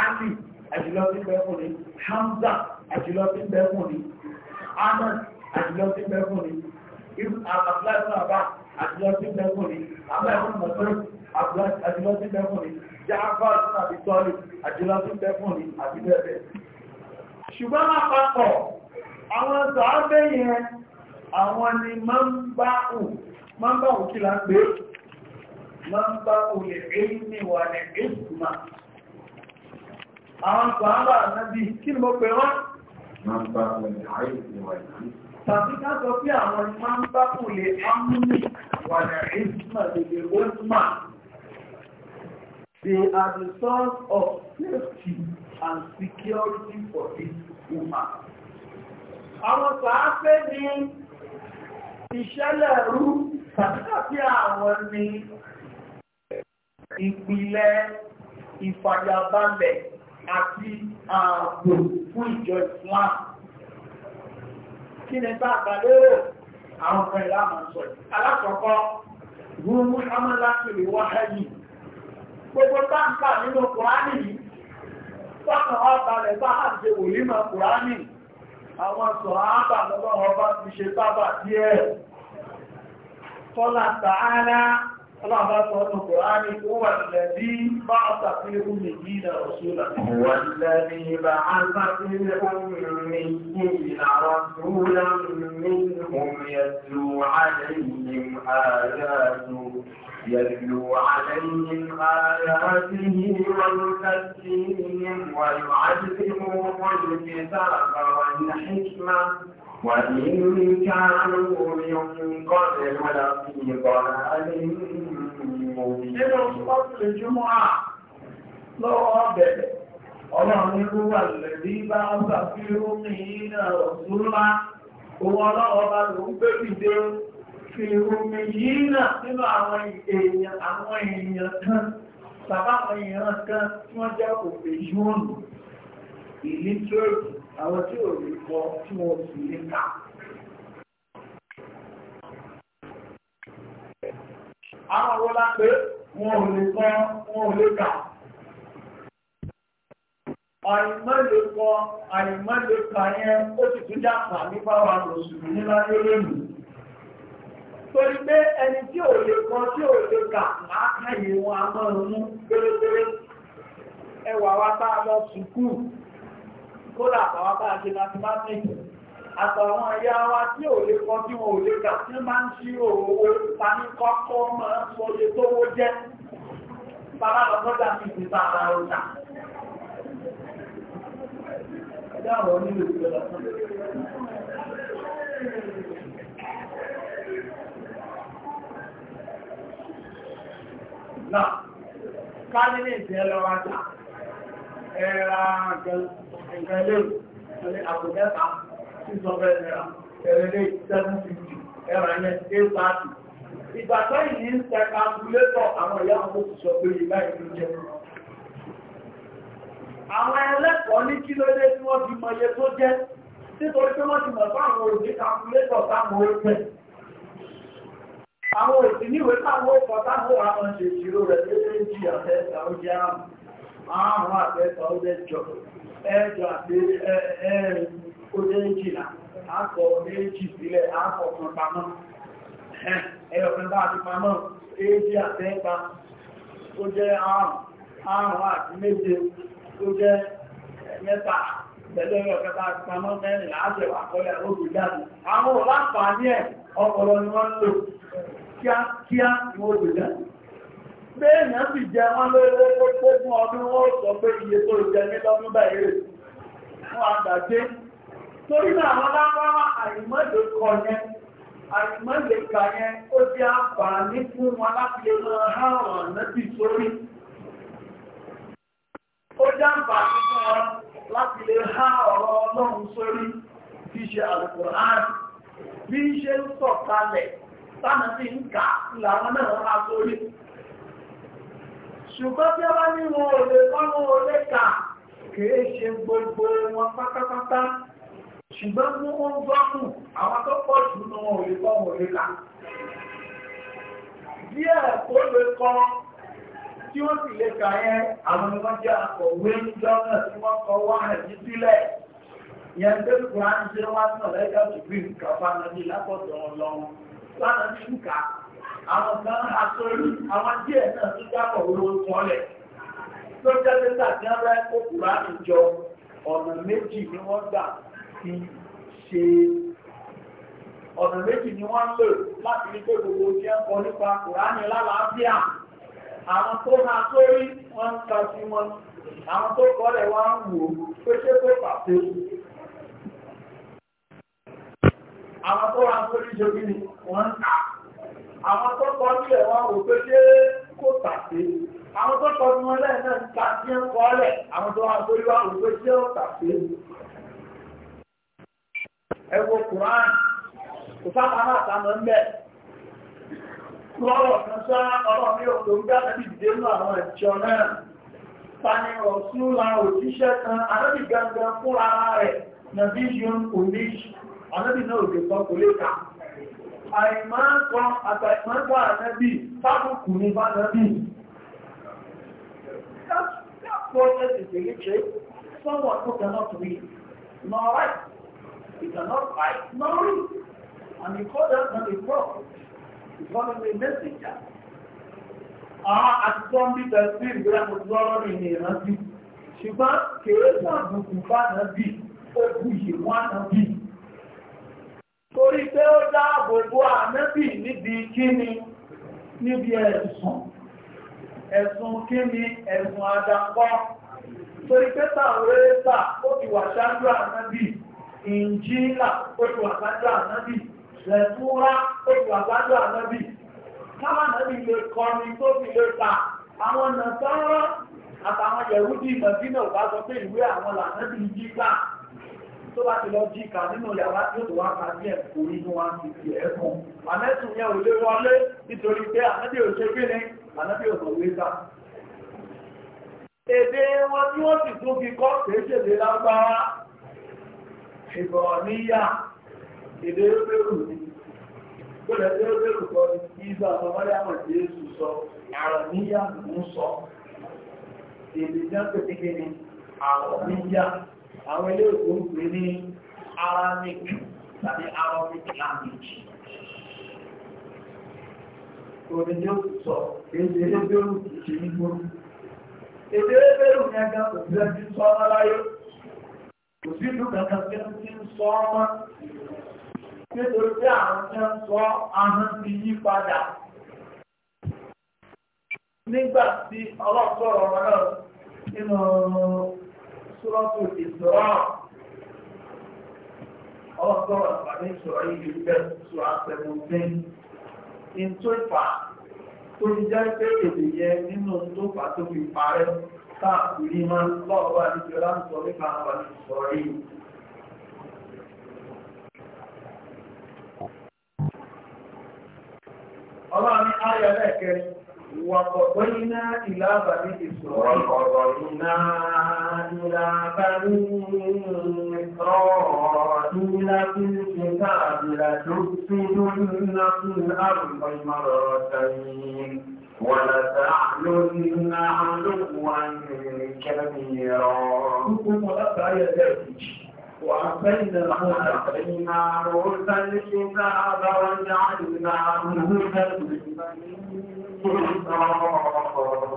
Ali àjùlọ́sí bẹ́ẹ̀kùn Hamza àjùlọ́sí bẹ́ẹ̀kùn Ahmed àjùlọ́sí bẹ́ẹ̀kùn ibn abdullahi abba àjùlọ́sí bẹ́ẹ̀kùn abba ibn masud jáfà àti tọ́lì àjọlá tó bẹ́ fún ní àti bẹ́ẹ̀ ṣùgbọ́n àpapọ̀ àwọn sàábẹ́ yẹn àwọn ni máa ń bá ò máa ń bá ò kí là ń gbé máa ń bá ò lè rí ní wà ní ìsùnmà àwọn sàábà náàbí kí ni mo pè wọ́n máa ń bá ò lè rí ní wà tàbí ká sọ pé àwọn máa ń bá ò lè rí wà ní ìsùnmà lè They are the source of safety and security for this woman. Àwọn sàáfẹ́ ni ìṣẹ̀lẹ̀ rú tàbí àwọn ni ìpìlẹ̀ ìfàyàbalẹ̀ àti ààbò fún ìjọ Islam. Kí ni bá àgbàlérò àwọn ọmọ ìlànà sọ̀rọ̀? Alákọ̀ọ́kọ́, Gúrú Muhammad Lákìrì wáhálì gbogbo táǹkà nínú kùránì yìí sọ́kàn ọba rẹ̀ bá àjẹ wòlímọ̀ kùránì àwọn sọ̀hábà lọ́wọ́ ọba ti ṣe bábà díẹ̀ kọ́lá tààrà ọlọ́ọ̀bá sọ ọ́nà kùránì ó wà lẹ́bí bá ọ̀sà fi ń bá ọ̀sà fi ń mi yí ìlà òṣùlà يتلو عليهم آياته ويزكيهم ويعلمهم الكتاب وَالْحِكْمَةَ وإن كَانُوا من قبل لفي ضلال مبين. Ọlọ́run ní wà lè rí bá ń bá ní ìrìnà ọ̀sùn lá, òun ló ń gbé ìdé fèròmì yìí náà nínú àwọn èèyàn àwọn èèyàn kan bàbá àwọn èèyàn kan tí wọ́n jẹ́ òfè yóòlù ìlítírèkì àwọn tí ò lè kọ tí wọ́n sì lè kà. àwọn àwọn lápé wọn ò lè kọ wọn ò lè kà àìmọ́lẹ̀kọ àìmọ́lẹ̀kà yẹn ó sì tún jà pàmí báwa lòsùn nílá lórí mi torí pé ẹni tí ò lè kan tí ò lè kà láàáyé wọn a máa mú pérépéré ẹwà wa bá lọ sùkúù kódà àtàwọn bá ṣe mathematics àtàwọn ẹ̀yà wa tí ò lè kan tí wọn ò lè kà tí máa ń ṣírò owó tani kọ́kọ́ máa ń sọ iye tówó jẹ́ bàbá lọ́gọ́dà mi ti bá ara ọjà ẹ̀dá ọ̀rọ̀ nílò ìgbẹ̀lẹ̀ fún mi. náà ká nínú ìsìn lọ rájà ẹ̀rà nǹkan ilé ìwé àbùdẹ́ta sísọ̀bẹ̀ ẹ̀rà ẹ̀rẹ̀lẹ̀ 750 ẹ̀rà ilẹ̀ 830 ìgbà tó yìí ń tẹ kàkúlétọ̀ àwọn ìyá àwọn òṣìṣọ́ pé ìlà ìlú jẹ́ àwọn ẹlẹ́kọ̀ọ́ ní kí ló dé tí wọ́n fi mọ iye tó jẹ́ nítorí pé wọ́n ti mọ̀ fáwọn àwọn ìdíníwé táwọn ẹ̀kọ́ táwọn àwọn ṣe ìṣirò rẹ̀ méjì àtẹ́ta ó jẹ́ àrùn àtẹ́ta ó jẹ́ jọ ẹjọ àti ẹ̀rin ó jẹ́ ìjìnà àkọ̀ méjì sílẹ̀ àkọ̀ ti pamọ́ èjì àtẹ́ta ó jẹ́ ó àwọn ẹ̀ ọpọlọ ni wọ́n ń lò kíákíá ìwọ̀n òjòjẹ́ bẹ́ẹ̀ náà sì jẹ wọ́n lórí ogún ọdún wọ́n sọ pé iye tó jẹ ní lọ́dún báyìí fún àgbàjé torí náà wọ́n lápáwá àìmọ́dé kọ yẹn àìmọ́dé kà yẹn ó jẹ́ àǹfààní fún wọn láti lè mọ àwọn ọ̀nàbì sórí ó jẹ́ àǹfààní fún wọn láti táwọn sì ń kà làwọn náà wá sórí ṣùgbọ́n tí a bá ní wọn ò lè kọ́ wọn ò lè kà kìí ṣe gbogbo wọn pátápátá ṣùgbọ́n mú wọn gbọ́kù àwọn tó pọ̀ jù ní wọn ò lè kọ́ wọn ò lè kà díẹ̀ tó lè kọ́ tí ó sì lè kà àwọn ọmọ jẹ́ àkọ̀wé jọ́nà tí wọ́n kọ wá ẹ̀jí sílẹ̀ yẹn tó kùrán ṣe wá sí ọ̀lẹ́gà lánàá ní ìkà àwọn kan aṣọ́rí àwọn díẹ̀ náà tó jábọ̀ olówó sọ́lẹ̀ tó jẹ́ pẹ́sà tí wọ́n rẹ́ kó ọ̀nà méjì ni wọ́n gbà fi ṣe ọ̀nà méjì ni wọ́n lò láti rí pé gbogbo tí wọ́n nípa kùránì lálàáfíà àwọn tó máa sórí wọ́n ń ka sí wọn àwọn tó kọ́ rẹ̀ wá ń wò ó pé ṣé kó pàṣẹ àwọn tó wà ń sórí jogi ni wọ́n ń tà àwọn tó kọ́ ní ẹ̀wọ̀n wò pé ṣé kò tàṣe àwọn tó kọ́ ní wọn lẹ́yìn náà ń ta sí ń kọ́ lẹ̀ àwọn tó wà ń sórí wà wò pé ṣé ó tàṣe. ẹ wo Quran kò sábà náà sáná ń bẹ̀. lọ́rọ̀ kan sá ọlọ́run ní òkè ń gbá tẹ́lẹ̀ ìdílé nínú àwọn ìjọ náà tani ọ̀sùn la òjíṣẹ́ kan anábì gangan fúnra rẹ̀ nàbí yun kò ànábì náà òkè kan kò lè kà àìmáàkọ́ àtàìmáàkọ́ ànábì tábùkù ní bánábì That process is illiterate. Someone who cannot read, nor write. He cannot write, nor read. And he called that not a prophet. He called him a messenger. Àwọn ah, àtìsọ́mbí tẹ̀sí ìgbéyàwó lọ́rọ̀ ní ìrántí. Ṣùgbọ́n kèé sàbùkù bá náà bí, ó bù yìí wá náà bí torí pé ó dáàbò bó ànábì níbi kíni níbi ẹ̀sùn ẹ̀sùn kíni ẹ̀sùn àdàpọ̀ torí pé tàwẹ́rẹ́sà ó ti wà ṣáájú ànábì ìnjílà ó ti wà ṣáájú ànábì lẹ́túnrá ó ti wà ṣáájú ànábì káwọn ànábì lè kọrin tó fi lè ta àwọn nàṣọ́rọ́ àtàwọn yẹ̀rúdì ìmọ̀dínà ò bá sọ pé ìwé àwọn làǹdí yíká tó bá ti lọ jí ìkà nínú yàrá tí ó tó wá ká díẹ̀ kò inú wa ti fi ẹ̀kùn àmẹ́sùn yẹn ò lè wọlé nítorí pé ànábì ò ṣe gbé ní ànábì ò sọ wíta èdè wọn tí wọ́n sì tún fi kọ́ pé ṣèdè lágbára ìbọ̀rọ̀ níyà èdè rẹ́rù ni ó lẹ́ tí ó rẹ́rù kọ́ ní ìgbà ọmọdé àmọ̀ jésù sọ àrọ̀ níyà ń sọ èdè jẹ́ pẹ̀lú àwọn níyà àwọn ilé ìkó ń pè ní Arabic tàbí Arabic language òní ni ó sọ èdè elébérù ìṣe ní gbóòrù èdè elébérù ní ẹgbẹ́ kò sí ẹni sọ ọmọ láyé kò sí ìlú kankan tí ó ti ń sọ ọmọ nítorí pé àwọn tí ń sọ ahọ́n ti yí padà nígbà tí ọlọ́pọ̀ ọ̀rọ̀ náà nínú súrọ́tù ìṣòro ọ̀sọ̀rọ̀ àǹfààní ìṣòro yìí bẹ́ẹ̀ sọ àtẹ̀mọ́tẹ́ ìtò ìfà tó ń jẹ́ pé èdè yẹn nínú tó fà tó fi parẹ́ káàkiri máa ń lọ́wọ́ àdìjọ́lá ń sọ nípa àǹfààní ìṣòro yìí. Ọlọ́run ní ayọ̀ lẹ́ẹ̀kẹrin. وقضينا إلى بني إسرائيل وقضينا إلى بني إسرائيل في الكتاب لتفسدن في الأرض مرتين ولتعلن علوا كبيرا. وأتينا موسى موسى الكتاب وجعلناه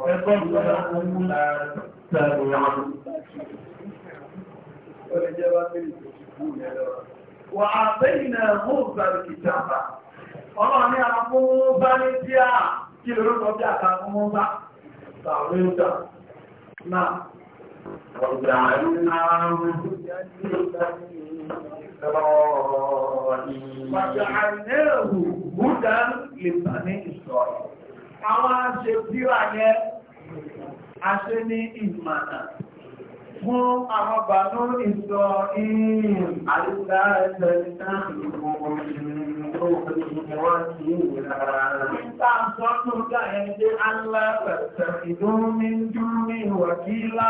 هدى لبني لا تتبعوا وأعطينا موسى الكتاب Ọlọ́run ní àwọn mọ́bá ní tí a kí lórí ọjọ́ àtàkùn mọ́bá, tàwọn ìjọ náà وجعلناه هدى وجعلناه هدى لبني إسرائيل àwọn aṣèbíra yẹn aṣe ní ìmọ̀nà fún àwọn bàánú ìsọ ìrìn àríkà ẹ̀sẹ̀ ìtàkùn ọmọ ìrìn tó kìí wọ́n sí ìrìnàrà rẹ̀. ìta sọ́tún dáyẹ̀ jẹ́ aláàrẹ̀ tẹ̀sìdún ní júmí wàkílá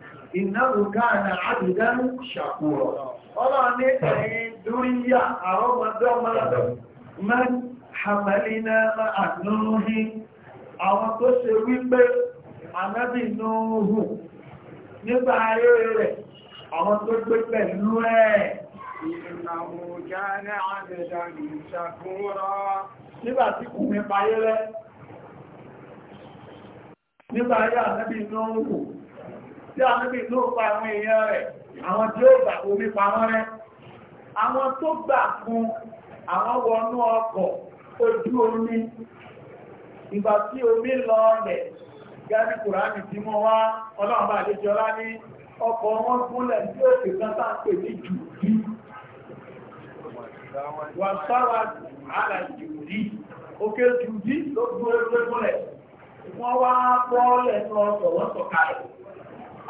ìnáwó káàdà àdìdánù ṣàkúrọ̀. ọlọ́run ní ẹ̀yìn dúríyà àrọ́mọdọ́mọ mẹ́n hamalina àdúnúhí àwọn tó ṣe wípé anábì núhù nígbà ayé rẹ̀ àwọn tó gbé pẹ̀lú ẹ̀ ìnáwó káàdà àdìdánù ṣàkúrọ̀ nígbà tí kùnrin payé rẹ̀ nígbà ayé ànábì núhù tí a níbi tó pa àwọn èèyàn rẹ̀ àwọn tí ó gbà omi pa wọ́n rẹ̀ àwọn tó gbà fún àwọn wọnú ọkọ̀ ojú omi ìgbà tí omi lọ ọ̀lẹ̀ gẹ́rí kùránì tí mọ́ wá ọlọ́run bá lè jọlá ní ọkọ̀ wọn gúnlẹ̀ tí ó fi kan sáà pè ní jù bí wà sára àlà jù bí òkè jù bí ló gbúrẹ́gbúrẹ́ wọ́n wá bọ́ọ̀lẹ̀ ní ọkọ̀ wọ́n sọ̀kalẹ̀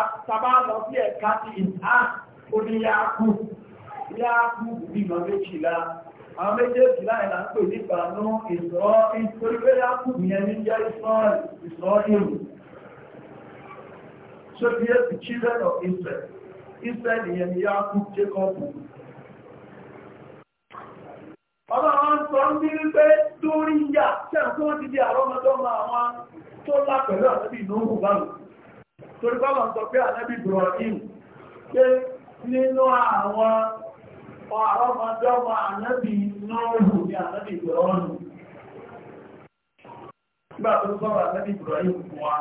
àtàbà lọ sí ẹ̀ka ti ìhá oníyàákú yàákú bímọ méjìlá àwọn méjèèjìlá ìlà ń pè nípa ní ìsọ́ ìtorí pé yàákú yẹn ní jẹ́ ìsọ́ ìrù so he is the children of Israel Israel yẹn ni yàákú Jacob ọlọ́run sọ ń bí torí bọ́lọ̀ sọ pé ànábì Ibrahim pé nínú àwọn ọ̀rọ̀mọdọ́mọ ànábì nọ́ọ̀rù ní ànábì Ibrahim nígbà tó sọ̀rọ̀ Ibrahim fún wa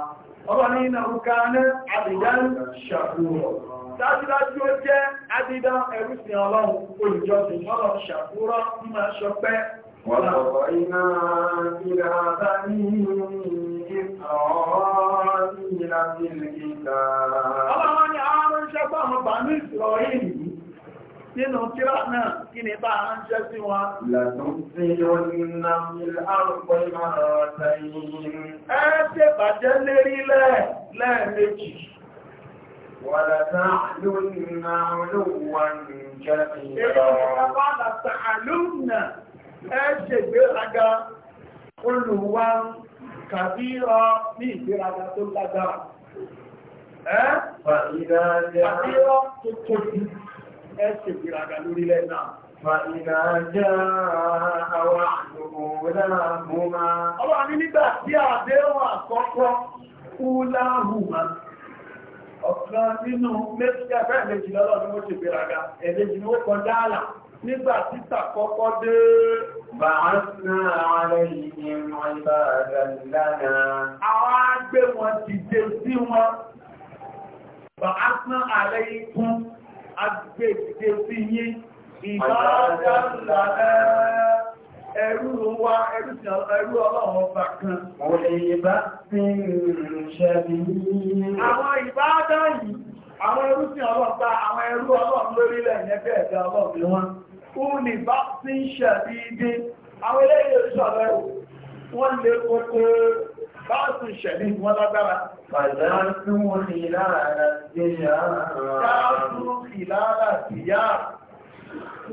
ọba ní iná òkà ní àdìdán ṣàkúrọ̀ dájúdájú ó jẹ́ àdìdán ẹrúsìn ọlọ́run olùjọsìn ọlọ́run ṣàkúrọ̀ ní máa ṣọpẹ́ wọ́n lọ́wọ́ iná ìlà bá ní إسرائيل في الكتاب ọlọ́wọ́ ni a ránṣẹ́ sáwọn bàmí ìsìlọ̀yìn nínú kíra náà kí ni bá ránṣẹ́ sí wọn lẹ́tún sí ọ̀nà ìlàrùpọ̀ ìmọ̀ràn ọ̀sẹ̀ yìí ẹ́ tẹ́ bàjẹ́ lérí lẹ́ẹ̀mejì ولتعلن علوا كبيرا kàbírọ ní ìgbéraga tó lágbára kàbírọ tó tóbi ẹ̀ṣẹ̀ ìgbéraga lórílẹ̀ náà Fàìlà jẹ́ àwọn àdùnkùn láàmú máa. Ọlọ́run ní nígbà tí àdéhùn àkọ́kọ́ kú láàmú máa ọ̀kan nínú méjì afẹ́ méjì lọ́lọ́ ni ó ti gbéraga ẹ̀lẹ́jì ni ó kọjá àlà nígbà títà kọ́kọ́ dé bàásínà ààrẹ ìyẹn wọn bá àgbàlá àwọn agbé wọn ti dé sí wọn bàásínà ààrẹ ikún agbé ti dé sí yí ìbáàgbàlá ẹrú wa ẹrú ọlọ́run ọba kan olè ìbá sí ìrìnṣẹ́bí àwọn ìbáadá yìí àwọn ẹrú sí ọlọ́pàá àwọn ẹrú ọlọ́run lórílẹ̀ ìyẹ́bẹ̀ẹ̀dẹ̀ ọlọ́run ni wọ́n kúrì bá sí ṣẹ̀bí dé àwọn eléyìí ìṣọ̀rẹ́ wọ́n lè kókó bá sí ṣẹ̀bí wọ́n lágbára Fàdásún ìlànà sí yá.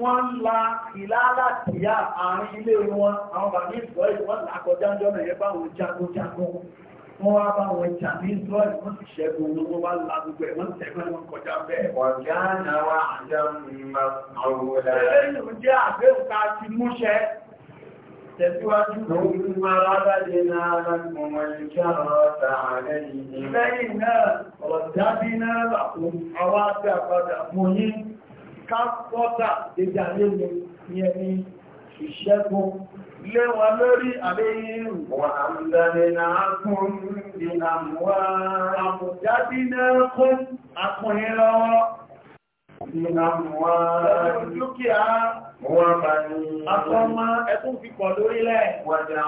Wọ́n la ìlànà sí yá àárín ilé wọn, àwọn bàbí ìfọ́ ìwọ́n làkọjá jọ́nà yẹ báwọn jagunjagun wọ́n wá bá wọn jà ní ìdúrọ̀lì wọ́n sì ṣẹ́gun ní wọ́n bá la gbogbo ẹ̀ wọ́n tẹ̀gbọ́n wọn kọjá bẹ́ẹ̀. ọ̀gá náà wà àjọ mímọ́ àwọn ọ̀la. ẹlẹ́yìn ò jẹ́ àgbẹ̀wò ká ti múṣẹ. tẹ̀síwájú. lórí mara bàjẹ́ náà lọ́mọ ìjà ọ̀tà àlẹ́ yìí. lẹ́yìn náà ọ̀dàbí náà làkún àwa àgbà padà mú yín ká pọ́tà ìjà lé lé wọn lórí àbẹ́yìnrù. Wọ́n àmúdáni náà kún ní àmúwá. Àmúdájí náà kún àkùnrin lọ́wọ́. Ní àmúwá. Dúkìá. Wọ́n bá ní. Àtọ́mọ ẹkún fi pọ̀ lórílẹ̀. Wọ̀dà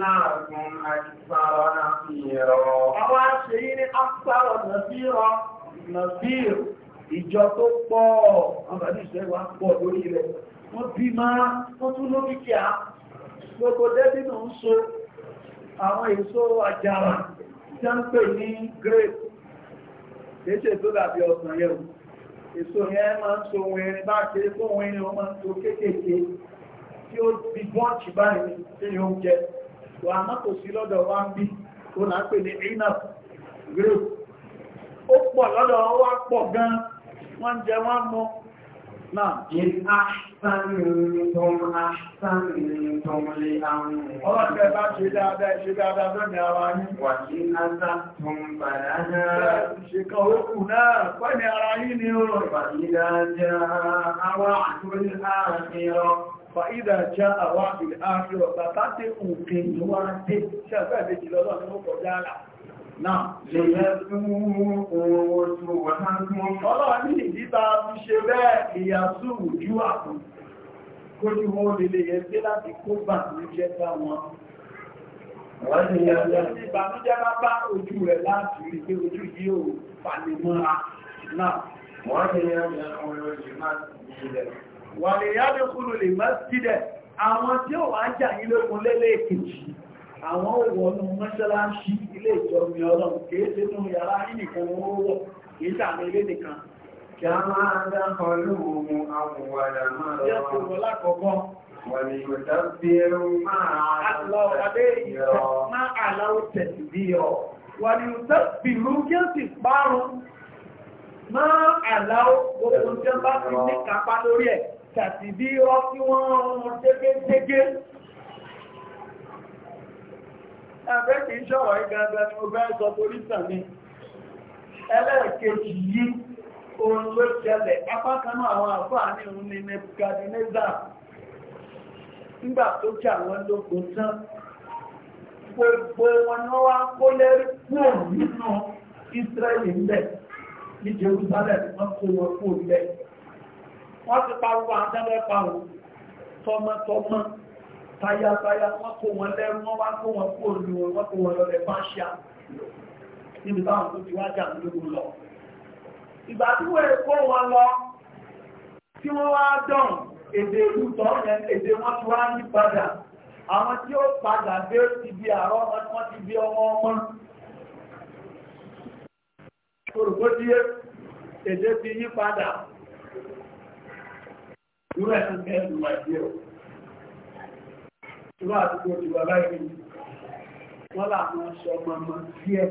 náà kún àjíṣàrọ̀ náà fi rọ. Àwọn aṣèyí ní àṣàrọ̀ náà fi rọ. Nàfíìr ìjọ tó pọ̀, àwọn àdìsẹ́ pọ̀ lórí rẹ̀. Wọ́n bí máa, wọ́n tún lórí gbogbo débìnà ń so àwọn èso àjàrà tí a ń pè ní grape kéṣe tó dàbí ọ̀sán yẹ̀wò èso yẹn máa ń so ohun erin bá ṣe tó ohun erin o máa ń so kéékèèké tí ó bí bọ́ǹchì báyìí tí yóò jẹ wà á mọ́tò sí lọ́dọ̀ ń bí tó là ń pè ní inap grape ó pọ̀ lọ́dọ̀ gan wọ́n ń jẹ wọ́n mọ́ إن أحسنتم أحسنتم لأنفسكم وإن أسأتم فلها فإذا جاء وعد الآخرة فإذا جاء وعد الآخرة فتاتئوا كنتوا شفاء بجلالة نوكو جالة Ọlọ́run ní ìdíta fi ṣe bẹ́ẹ̀ ìyàsù ojú àpò, kó ní wọ́n lè lè yẹ sí láti kó bà ní jẹ́ bá wọn. Wọ́n ni ìbànújẹ́ bá bá ojú rẹ̀ láti rí pé ojú yìí ò fànímọ́ra náà. Wọ́n ni ìyàdẹ́kùnrin lè mọ́ sílẹ̀, àwọn tí ó wá jà yí lókun àwọn òwòrán mọ́ṣáláṣí ilé ìjọmi ọlọ́run kìí ṣe nú yàrá ìnìkan wọ́n wọ́ kìí sàmì ilé nìkan kí a máa dákan lóòmù àwọn wàdà máa lọ́wọ́ wàlì ìwòdá bí ẹrù máa àlọ́ tẹ̀sìdí ọ̀ wàlì ìwòdá bí rú kí ó sì parun máa àlọ́ gbogbo jẹ́ bá ti ní kápá lórí ẹ̀ tẹ̀sìdí ọ́ kí wọ́n rọrùn jẹ́gẹ́jẹ́gẹ́ ẹgbẹ́ kì í ṣọ̀rọ̀ ìgbẹ̀gbẹ̀ ni mo bẹ́ sọ torí tàbí ẹlẹ́ẹ̀kejì yìí ohun ló ṣẹlẹ̀ apákanú àwọn àfáà ní òun ni Nebuchadnezzar nígbà tó jà wọ́n lógun tán gbogbo wọn ni wọ́n wá kó lérí kúrò nínú Ísírẹ́lì ń bẹ̀ ní Jerusalem wọ́n kó wọn kúrò bẹ̀ wọ́n ti pa gbogbo àwọn tọmọtọmọ tayataya wọ́n kó wọn lẹ́rú wọ́n wá kó wọn kó olú wọ́n kó wọn lọ́lẹ̀ fáṣíà níbi táwọn tó ti wá jà lógun lọ ìgbà tí wọ́n kó wọn lọ tí wọ́n wá dán èdè ìlú tọ́ yẹn èdè wọn ti wá ní padà àwọn tí ó padà dé ti di àárọ̀ wọn tí wọ́n ti di ọmọ ọmọ olùkódíé èdè ti yí padà irú ẹ̀sìn kẹ́ẹ̀lú wáyé o ìwà àdúgbò ti bàbá ìlú wọ́n làwọn ṣọ mọ̀mọ̀ sí ẹ̀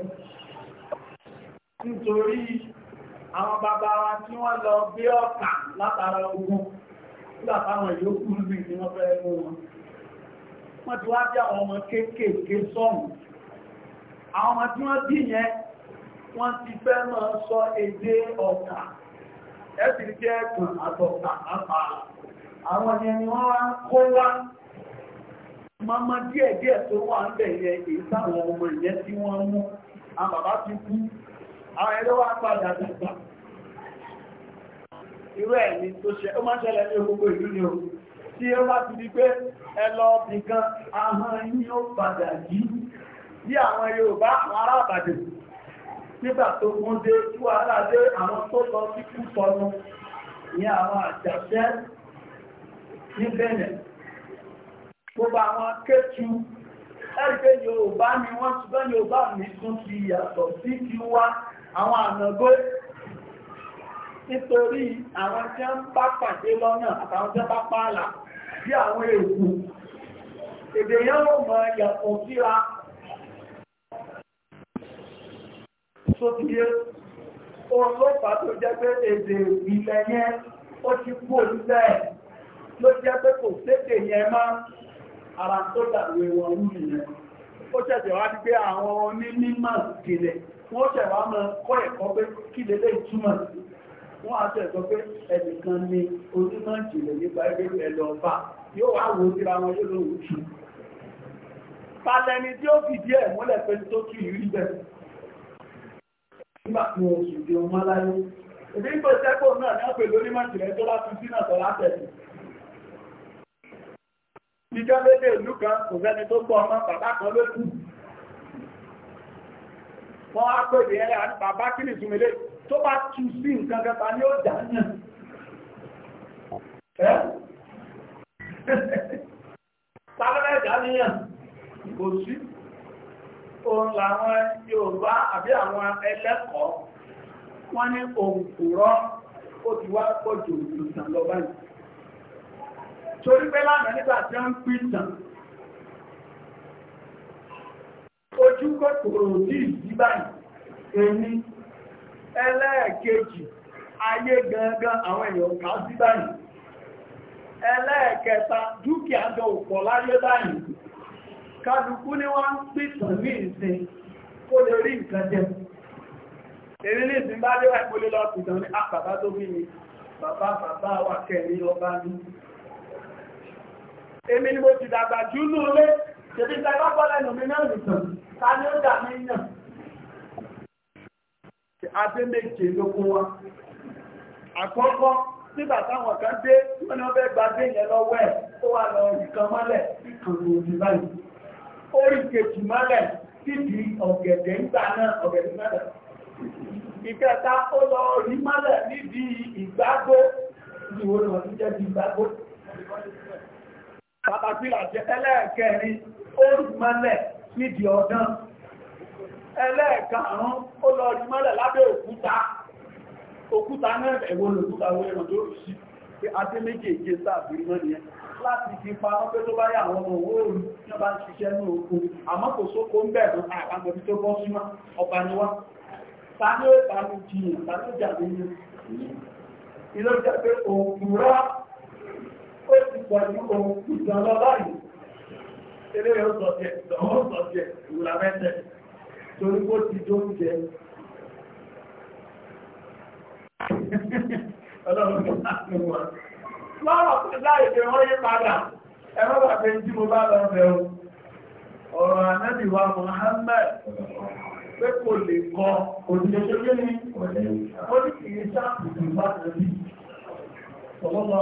nítorí àwọn bàbá wa tí wọ́n lọ gbé ọ̀kà látara ogun látàwọn ìyókù rí ní wọ́n fẹ́ mú wọn wọ́n ti wá jẹ́ àwọn ọmọ kéékèèké sọ́mù àwọn ọmọ tí wọ́n bí yẹn wọ́n ti fẹ́ mọ́ sọ èdè ọ̀kà ẹ̀sìn jẹ́ ẹ̀kùn àtọ̀kà àpààlà àwọn yẹn wọ́n wá kó wá mama díẹ̀ díẹ̀ tó wà ń bẹ̀ yẹ èyí táwọn ọmọ ìyẹn tí wọ́n mú àwọn bàbá ti kú àwọn ẹ̀rọ wá padà dàgbà irú ẹ̀mí tó ṣe ó máa ṣẹlẹ̀ ní gbogbo ìlú ni o tí ó bá ti di pé ẹlọ nìkan ahọ́n yín ó padà yí bí àwọn Yorùbá àwọn ará Ìbàdàn nígbà tó kún dé tú aládé àwọn tó lọ sí kú sọnù ní àwọn àjàṣẹ́ ní Bẹ̀nẹ̀ gbogbo àwọn kétu ẹgbẹ́ Yorùbá ni wọ́n ṣùgbọ́n Yorùbá mi tún ti yàtọ̀ sí ti wá àwọn ànàgó nítorí àwọn tí wọ́n bá pàdé lọ́nà àtàwọn tí wọ́n bá pààlà bí àwọn èkó èdè yẹn ló mọ yàtọ̀ síra sókè ohun tó jẹ́ pé èdè ìlẹ̀ yẹn ó ti kú òlúlẹ̀ ló jẹ́ pé kò sédè yẹn máa ara tó dàwé wọn rú nìyẹn ó ṣẹ̀ṣẹ̀ wá ti pé àwọn onímọ̀ ìpìlẹ̀ wọ́n ṣẹ̀ wá mọ́ kọ́ ẹ̀kọ́ pé kí lélẹ́ ìtumọ̀ sí wọ́n á ṣẹ̀ sọ pé ẹnìkan ni onímọ̀ ìjìnlẹ̀ nípa ẹgbẹ́ ẹ̀lọ ọba yóò wá wo síra wọn yóò lóhùn jù palẹni tí ó fìdí ẹ̀ múlẹ̀ pé tó kí ìrí bẹ̀ nígbà tí Ìjọ́ lédè ìlú kan kò sẹ́ni tó gbọ́ ọmọ bàbá kan ló kú. Wọ́n á pè ní ẹ̀rẹ́ àti bàbá kìrì súnmílé tó bá tú sí nǹkan kẹta ní ó jà náà. Ẹ́ Sáfẹ́fẹ́ ìjà níyàn kò sí. Òun làwọn Yorùbá àbí àwọn ẹlẹ́kọ̀ọ́ torí pé lánàá nígbà tí ó ń pìtàn ojú kòkòrò ní ìsíbáyì ẹni ẹlẹ́ẹ̀kejì ayé gangan àwọn èèyàn kà sí báyìí ẹlẹ́ẹ̀kẹta dúkìá jọ òpọ̀ láyé báyìí kàdùkú ní wọ́n ń pìtàn ní ìsìn kó lè rí nǹkan jẹ èrí ní ìsìn bá dé wà ìpolélọ́pìtàn ní àpàbá ah, tó bí ni bàbá bàbá wà ọba ní èmi ni mo ti dàgbà jù nù lé ṣèbí ta ẹgbẹ́ pọ́ lẹ́nu mi náà nìkan ta ni ó dà mí yàn. Adé méje ló kó wa. Àkọ́kọ́ nígbà táwọn kan dé tí wọ́n ní wọ́n fẹ́ gba dé yẹn lọ́wọ́ ẹ̀ ó wà lọ ìkan mọ́lẹ̀ ìkan òdì báyìí. Ó rí kejì mọ́lẹ̀ títí ọ̀gẹ̀dẹ̀ ńgbà náà ọ̀gẹ̀dẹ̀ mọ́lẹ̀. Ìkẹta ó lọ rí mọ́lẹ̀ nídìí ìgbágbó ìwòrán ìjẹ́ ti ìgbágbó kàtàpílà jẹ́ ẹlẹ́ẹ̀kẹrin orúmọ́lẹ̀ nídi ọ̀dán ẹlẹ́ẹ̀kàrún ó lọ rímọ́lẹ̀ lábẹ́ òkúta òkúta náà ẹ̀wọ̀n lòkúta wọ́n ẹ̀rọ tó rí sí adé méjèèjì sáàbì náà nìyẹn láti fi pa ọpẹ́ tó bá yà àwọn ọmọ òórùn tí wọ́n bá ń ṣiṣẹ́ ní okun àmọ́ kò sóko ń bẹ̀rù àgbàgbọ̀ tí tó bọ́ símọ́ ọba ni wá tani ó bá ní jiyàn ó ti pọ̀ ju ohun ìjọ lọ báyìí eré yóò sọ jẹ ọ̀hún sọ jẹ ìwúra mẹ́tẹ̀ torí kó ti jó ń jẹ ọlọ́run tó láti wọn lọ́rọ̀ tó láì pé wọ́n yí padà ẹ̀rọ bàbá ẹni tí mo o ọ̀rọ̀ ànábìwá Muhammad pé kò lè kọ òdìdẹ́gbẹ́ ní oníkìí sáàpù ìgbà tẹ̀lé ọlọ́lọ́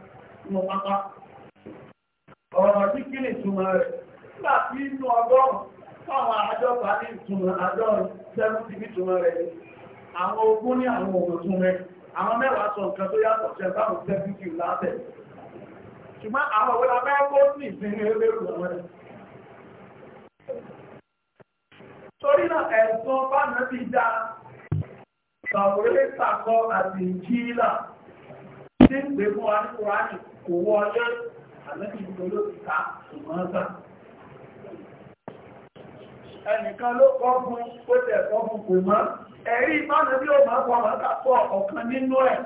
nínú pápá ọ̀rọ̀ tí kí ni ìtumọ̀ rẹ̀ nígbà tí inú ọgọ́rùn fáwọn àádọ́ta ní ìtumọ̀ àádọ́rùn sẹ́rùn ti ní ìtumọ̀ rẹ̀ àwọn ogún ní àwọn òògùn rẹ̀ àwọn mẹ́wàá sọ nǹkan tó yàtọ̀ ṣe báwọn sẹ́fíkì látẹ̀ kò wọ ọjọ́ àmẹ́bí gbogbo ló ti ká ṣùgbọ́n sá ẹnìkan ló kọ́ fún ó tẹ̀ kọ́ fún kò mọ́ ẹ̀rí ìbánu bí ó máa pọ̀ máa kàpọ̀ ọ̀kan nínú ẹ̀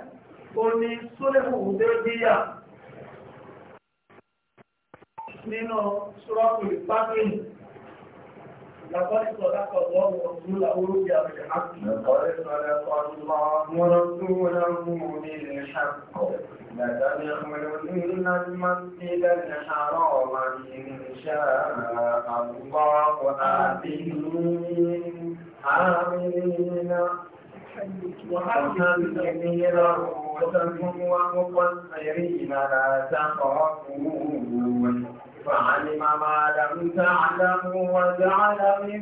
o ní sólẹ́kù òdébíyà nínú sọ́ọ̀kù ìpákìlì لقد صدق الله ورسوله رؤيا لقد صدق الله ورسوله بالحق لتدخلن المسجد الحرام إن شاء الله آمين آمين وحمدني رؤوسكم ومقصرين لا تخافون فعلم ما لم تعلم وجعل من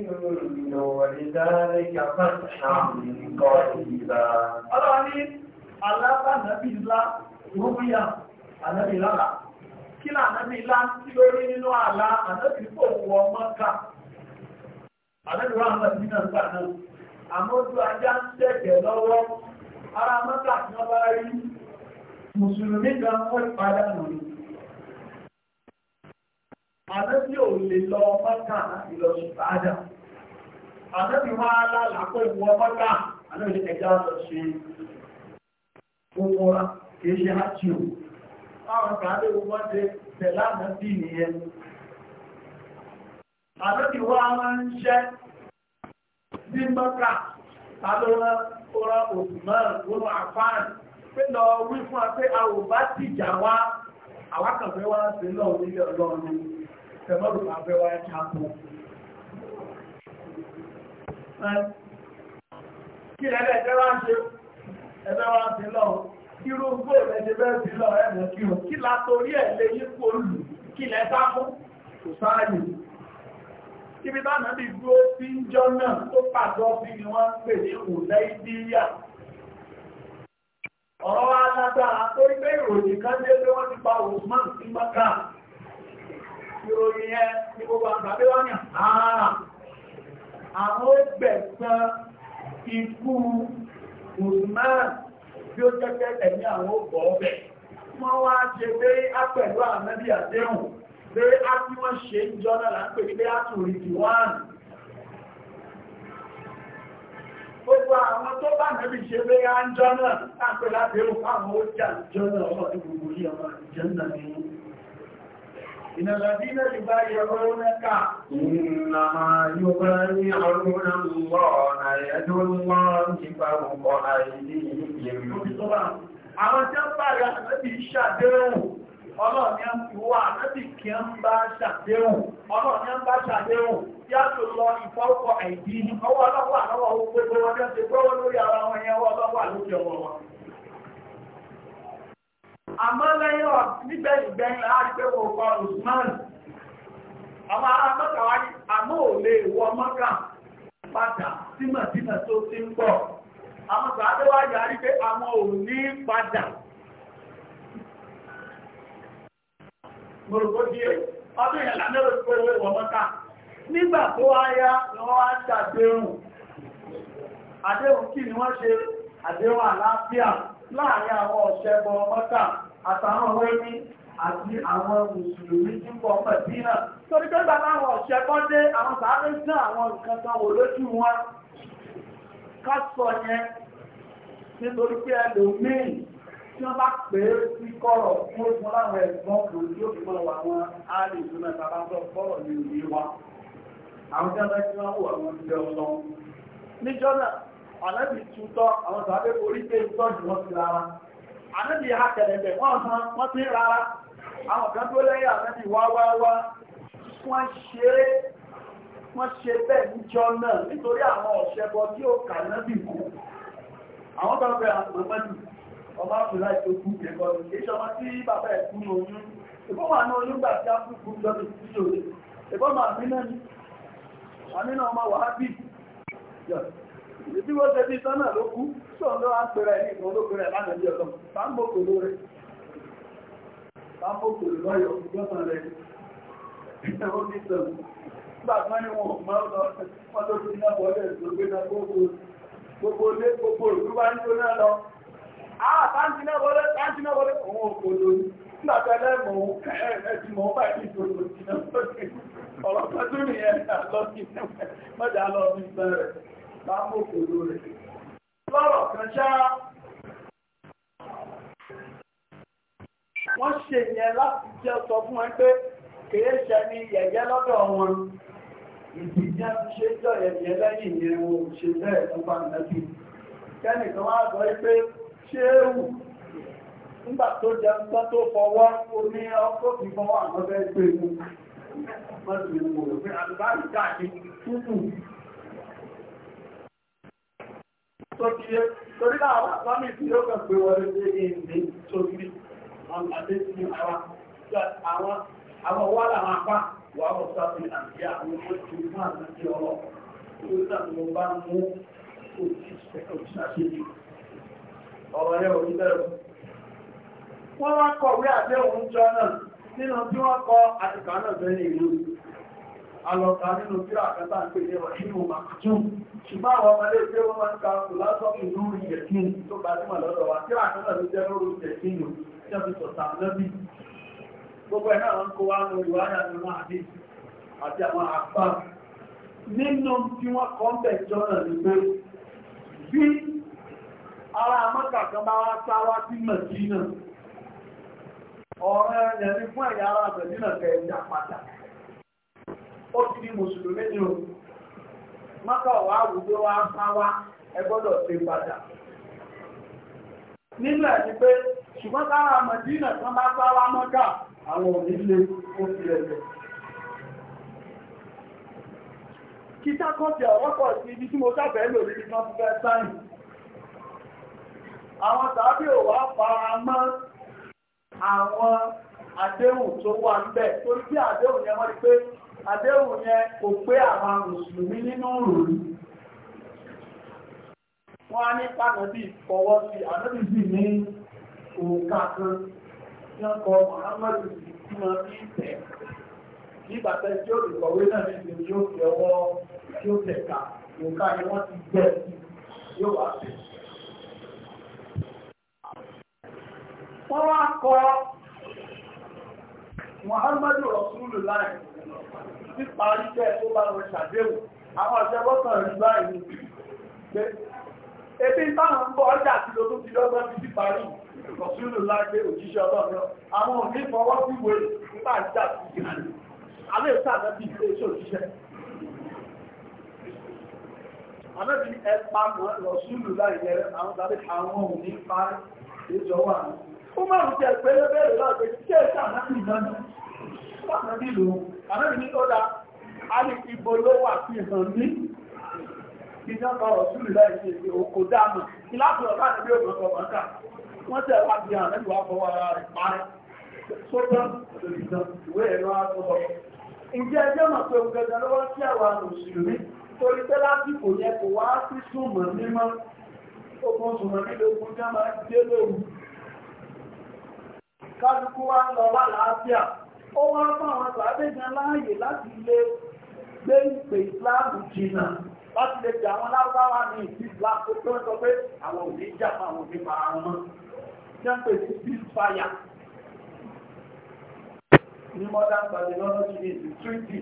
دون ذلك فتحا قريبا ọlọ́rin alábànàbí ńlá rúbíyà ànábì lára kí là ànábì ńlá tí ó rí nínú àlá ànábì pò wọ mọ́ká ànábì wà náà nínú àgbà náà àmójú ajá ń tẹ̀kẹ̀ lọ́wọ́ ara mọ́ká tí wọ́n bá rí mùsùlùmí gan wọ́n padà nù Ànábì ò lè lọ mọ́ta láti lọ ṣe fàájà. lálàpọ̀ ìwọ mọ́ta, ànábì ẹja lọ ṣe gbogbo kìí ṣe ò. Àwọn kàálé wọ́n ṣe tẹ̀lá ànábì nìyẹn. Ànábì wá máa ṣẹ́ sí mọ́ta, tàbí ọ̀rọ̀ àfáàn pé lọ wí fún pé a ò bá wá, wá sí ọlọ́run ẹ̀mọ́rù máa fẹ́ wáyé tako. Kí ẹ̀rẹ́ ẹ̀fẹ́ wá ń ṣe ẹ̀fẹ́ wá ń fi lọ, irú gbò lẹ́ṣe bẹ́ẹ̀ sí lọ ẹ̀mọ̀ kí o, kí látorí ẹ̀ lè yípo lù, kí lẹ́ sá fún, kò sáàyè. Ibi táwọn bí dúró sí ń jọ náà tó pàgọ́ sí ni wọ́n ń pè ní ìròyìn kan dé pé wọ́n ti pa Usman sí Mọ́kà ìròyìn ẹ ní gbogbo àgbàdé wọ́n yàn ààrà àwọn ó gbẹ̀sán ikú Usman bí ó jẹ́jẹ́ ẹ̀mí àwọn ó bọ̀ ọ̀bẹ̀ wọ́n wá ṣe pé á pẹ̀lú àmẹ́bí àdéhùn pé á tí wọ́n ṣe ń jọ náà láńpè pé á tún rí ìwáàrùn gbogbo àwọn tó bá nẹ́bí ṣe pé á ń jọ náà láńpè láti ẹ̀rù fáwọn ó jà jọ náà ọ̀pọ̀ إن الذين يبايعونك إنما يبايعون الله يد الله فوق أيديهم àwọn tí ó bá rẹ̀ àmẹ́bì ṣàdéhùn ọlọ́ọ̀ni ìwọ àmẹ́bì kí ń bá ṣàdéhùn ọlọ́ọ̀ni ń bá ṣàdéhùn yàtò lọ ìfọ́kọ̀ àìdí ọwọ́ ọlọ́wọ́ àlọ́wọ́ gbogbo wọn jẹ́ ti gbọ́wọ́ lórí ara wọn yẹn ọwọ́ ọlọ́wọ́ àlójọ wọn àmọ́ lẹ́yìn ọ̀ níbẹ̀ ìgbẹ̀yìn láti pé Usman àwọn ará mọ́kà wá ní àmọ́ ò lè wọ mọ́kà padà tímọ̀tímọ̀ tó ti ń bọ̀ àwọn sàádé wá yàrí pé àwọn ò ní padà mọ̀rọ̀gbọ́díé ọdún ìyàlá mẹ́rọ tó wé wọ mọ́kà nígbà tó wáyá wọ́n wá ṣàdéhùn ni wọ́n ṣe àdéhùn àlàáfíà láàárín àwọn ọ̀ṣẹ́gbọ̀n àtàwọn ọwọ́ ẹni àti àwọn mùsùlùmí tí ń bọ̀ pẹ̀lú náà. torí pé bàbá àwọn ọ̀ṣẹ́ kan dé àwọn sàárè sí àwọn nǹkan kan wò lójú wọn ká sọ yẹn nítorí pé ẹlòmíì tí wọ́n bá pè é sí kọ̀rọ̀ fún ìfún láwọn ẹ̀gbọ́n kò ní òbí mọ́ wa wọn á lè tún náà tàbá ń sọ kọ̀rọ̀ ní òní wa. àwọn tí wọ́n ti wọ́n wọ̀ wọ́n ti lọ lọ. níjọ́ náà àlẹ́ ti tutọ́ àwọn sàárè orí pé ìtọ́jú wọn ti rárá ànábì ha kẹ̀lẹ̀bẹ̀ wọ́n hàn wọ́n pín rárá àwọn kan tó lẹ́yìn ànábì wá wá wá wọ́n ṣe bẹ́ẹ̀ níjọ́ náà nítorí àwọn ọ̀ṣẹ́bọ tí ó kà nábì kú àwọn kan fẹ́ àpòmọ́dù ọmọ àpòlá ìtòkú ẹ̀kọ́ ìṣọ́mọ́ tí bàbá ẹ̀kú ní oyún ìbọn wà ní oyún gbà tí a kú kú lọ́dún sí òde ìbọn mà mí náà ni àmì náà ọmọ wàá bì bí wọ́n tẹ́bí sánà ló kú sọ́n ló ń pẹ̀rẹ̀ ní ìkan olókùnrin lánàá bí ọ̀tọ̀ sáàmókòló rẹ̀ sáàmókòló lọ́yọ̀ gbọ́sàn rẹ̀ ó ní sọ̀rọ̀ gbàgbọ́n ni wọn máa lọ wọ́n tó ti náà wọlé ìgbògbé náà gbogbo lé gbogbo ìlú bá ń jóná lọ àà táǹtì náà wọlé táǹtì náà wọlé òun òkòló nígbà tẹ́lẹ̀ mọ̀ ẹ̀ẹ́dì mọ̀ báyìí ìgbògbò ọ̀rọ̀ kan tó nìyẹn lọ́sìn mọ́jà bá mòkòrò rẹ̀. Lọ́rọ̀ kan ṣá, wọ́n ṣe yẹn láti jẹ́ sọ fún ẹ pé kìí ṣe ní yẹ̀yẹ́ lọ́dọ̀ wọn. Ìdíjẹ́ ti ṣe jọ yẹ̀yẹ́ lẹ́yìn yẹn wo ṣe bẹ́ẹ̀ tó bá nàbí. Kẹ́nìkan wá sọ pé ṣé èwù nígbà tó jẹ́ nǹkan tó fọwọ́ omi ọkọ̀ ìfọwọ́ àwọn ọ̀fẹ́ gbé mú. Wọ́n ti mú òfin àlùbáríkà ní tútù tó ti yẹ torí náà lámì tí ó kàn pé wọlé sí ìní tó ti wọn àti sí ara àwọn àwọn wà láwọn apá wà ó sáfì àti àwọn ọmọ tó máa ń ti ọ̀rọ̀ tó sàmì mo bá mú òṣìṣàṣejù ọ̀rọ̀ yẹn ò ní bẹ̀rẹ̀ wọ́n wá kọ̀wé àdéhùn jọ náà nínú tí wọ́n kọ àtìkà náà bẹ́ẹ̀ ní ìlú alọ́ta nínú àkátà ń pè ní ọ̀ṣínú pé wọ́n máa ń ka lórí tó gbajúmọ̀ lọ́dọ̀ tí àkátà ló jẹ́ lórí a fi sọ̀tà lẹ́bí gbogbo ẹ̀ náà ń kó wá lórí wáyà nínú àdé àti àwọn àpá nínú tí wọ́n kọ́ ń bẹ̀ jọ́nà ní pé bí ara amọ́ta kan bá wá sí ẹ̀yẹ̀ ní fún ẹ̀yà ara O si di mùsùlùmí ni o mọ́kà wà wa ẹ nínú pé kan bá pa wá mọ́kà àwọn òní ó fi ẹ̀jẹ̀ kíkà ọ̀rọ̀ pọ̀ sí ibi tí mo fẹ́ sáyìn àwọn tàbí ò wá fara mọ́ àwọn àdéhùn tó wà ń bẹ̀ torí àdéhùn yẹn wọ́n pé àdéhùn yẹn kò pé àwọn mùsùlùmí nínú ìròyìn wọ́n a ní pàtàkì fọwọ́ sí àdébì ní tí wọ́n kọ Muhammadu tí wọ́n ti tẹ̀ nígbà tí ó lè kọ̀wé náà ní ìlú yóò fi ọwọ́ tí ó tẹ̀ka òǹkà ni wọ́n ti gbẹ̀ yóò píparí bẹ́ẹ̀ tó bá wọn ṣàdéhùn àwọn ọ̀ṣẹ́gbọ́ kan rí báyìí pé ebi táwọn ń bọ̀ ọjà tí ló tó ti lọ́gbọ́n ti píparí ìkọ̀sílù lágbé òjíṣẹ́ ọlọ́run àwọn òní fọwọ́ sí ìwé nígbà ìjà sí ìgbàlè alẹ́ ìsàlẹ̀ bí ilé iṣẹ́ òjíṣẹ́ àmẹ́bí ẹpa lọ̀sílù láìyẹrẹ àwọn tàbí àwọn òní parí ìjọ wà ní ó máa ń jẹ pẹ́lẹ́bẹ̀rẹ̀ láti ṣe é sàmẹ́bí ìdájọ́ sàmẹ́bí lòun àmẹ́rin ní ó dá alì ibo ló wà sí ìhàn ní ìjọba ọ̀sùn ìlẹ́ẹ̀ṣẹ́ ìkò dáàmù ìlàpùrọ̀ láti bí òun ọkọ̀ ọ̀ká wọ́n tẹ̀ wá bí àwọn ẹ̀lú àfọwọ́ ara rẹ̀ parẹ́ sótán ìdàn ìwé ẹ̀rọ àtọ́bọ̀ ìjẹ́ ẹjọ́ mọ̀ pé ògẹ́gẹ́ ló wá sí àwọn àrùsùlùmí torí pé lásìkò yẹn kò wá sí súnmọ̀ mímọ́ ogun súnmọ̀ nílé ogun jẹ́ máa dé lóru kálukú wá ó wá fún àwọn sàábé gan láàyè láti lè gbé ìpè ìsìláàmù jìnnà láti lè jẹ àwọn lárúbáwá ní ìsìn ìsìláàmù tó tó ń sọ pé àwọn òní jàpá àwọn òní para wọn jẹ́ ń pè sí peace fire ní modern Babylonian ní ìsìn treaty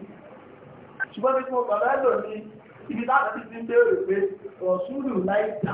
ṣùgbọ́n bí mo bàbá lò ní ibi láti ti ń béèrè pé rọ̀ṣúlù láìta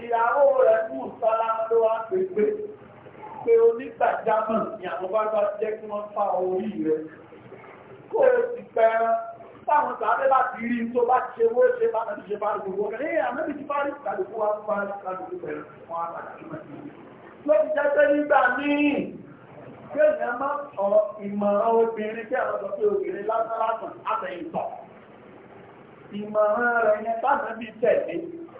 ìyàwó rẹ̀ mú sára ló wá pèpè pé onígbàjámọ̀ ni àwọn bá bá jẹ́ kí wọ́n fa orí rẹ̀ kó o sì pẹran táwọn sàárẹ́ bá ti rí tó bá ṣe wó ṣe bá ti ṣe bá gbogbo ọ̀rẹ́ ní àmẹ́bí ti parí kàdùkú wá fún parí kàdùkú pẹ̀lú wọn àtàkì mọ́ ló ti jẹ́ pé àwọn sọ pé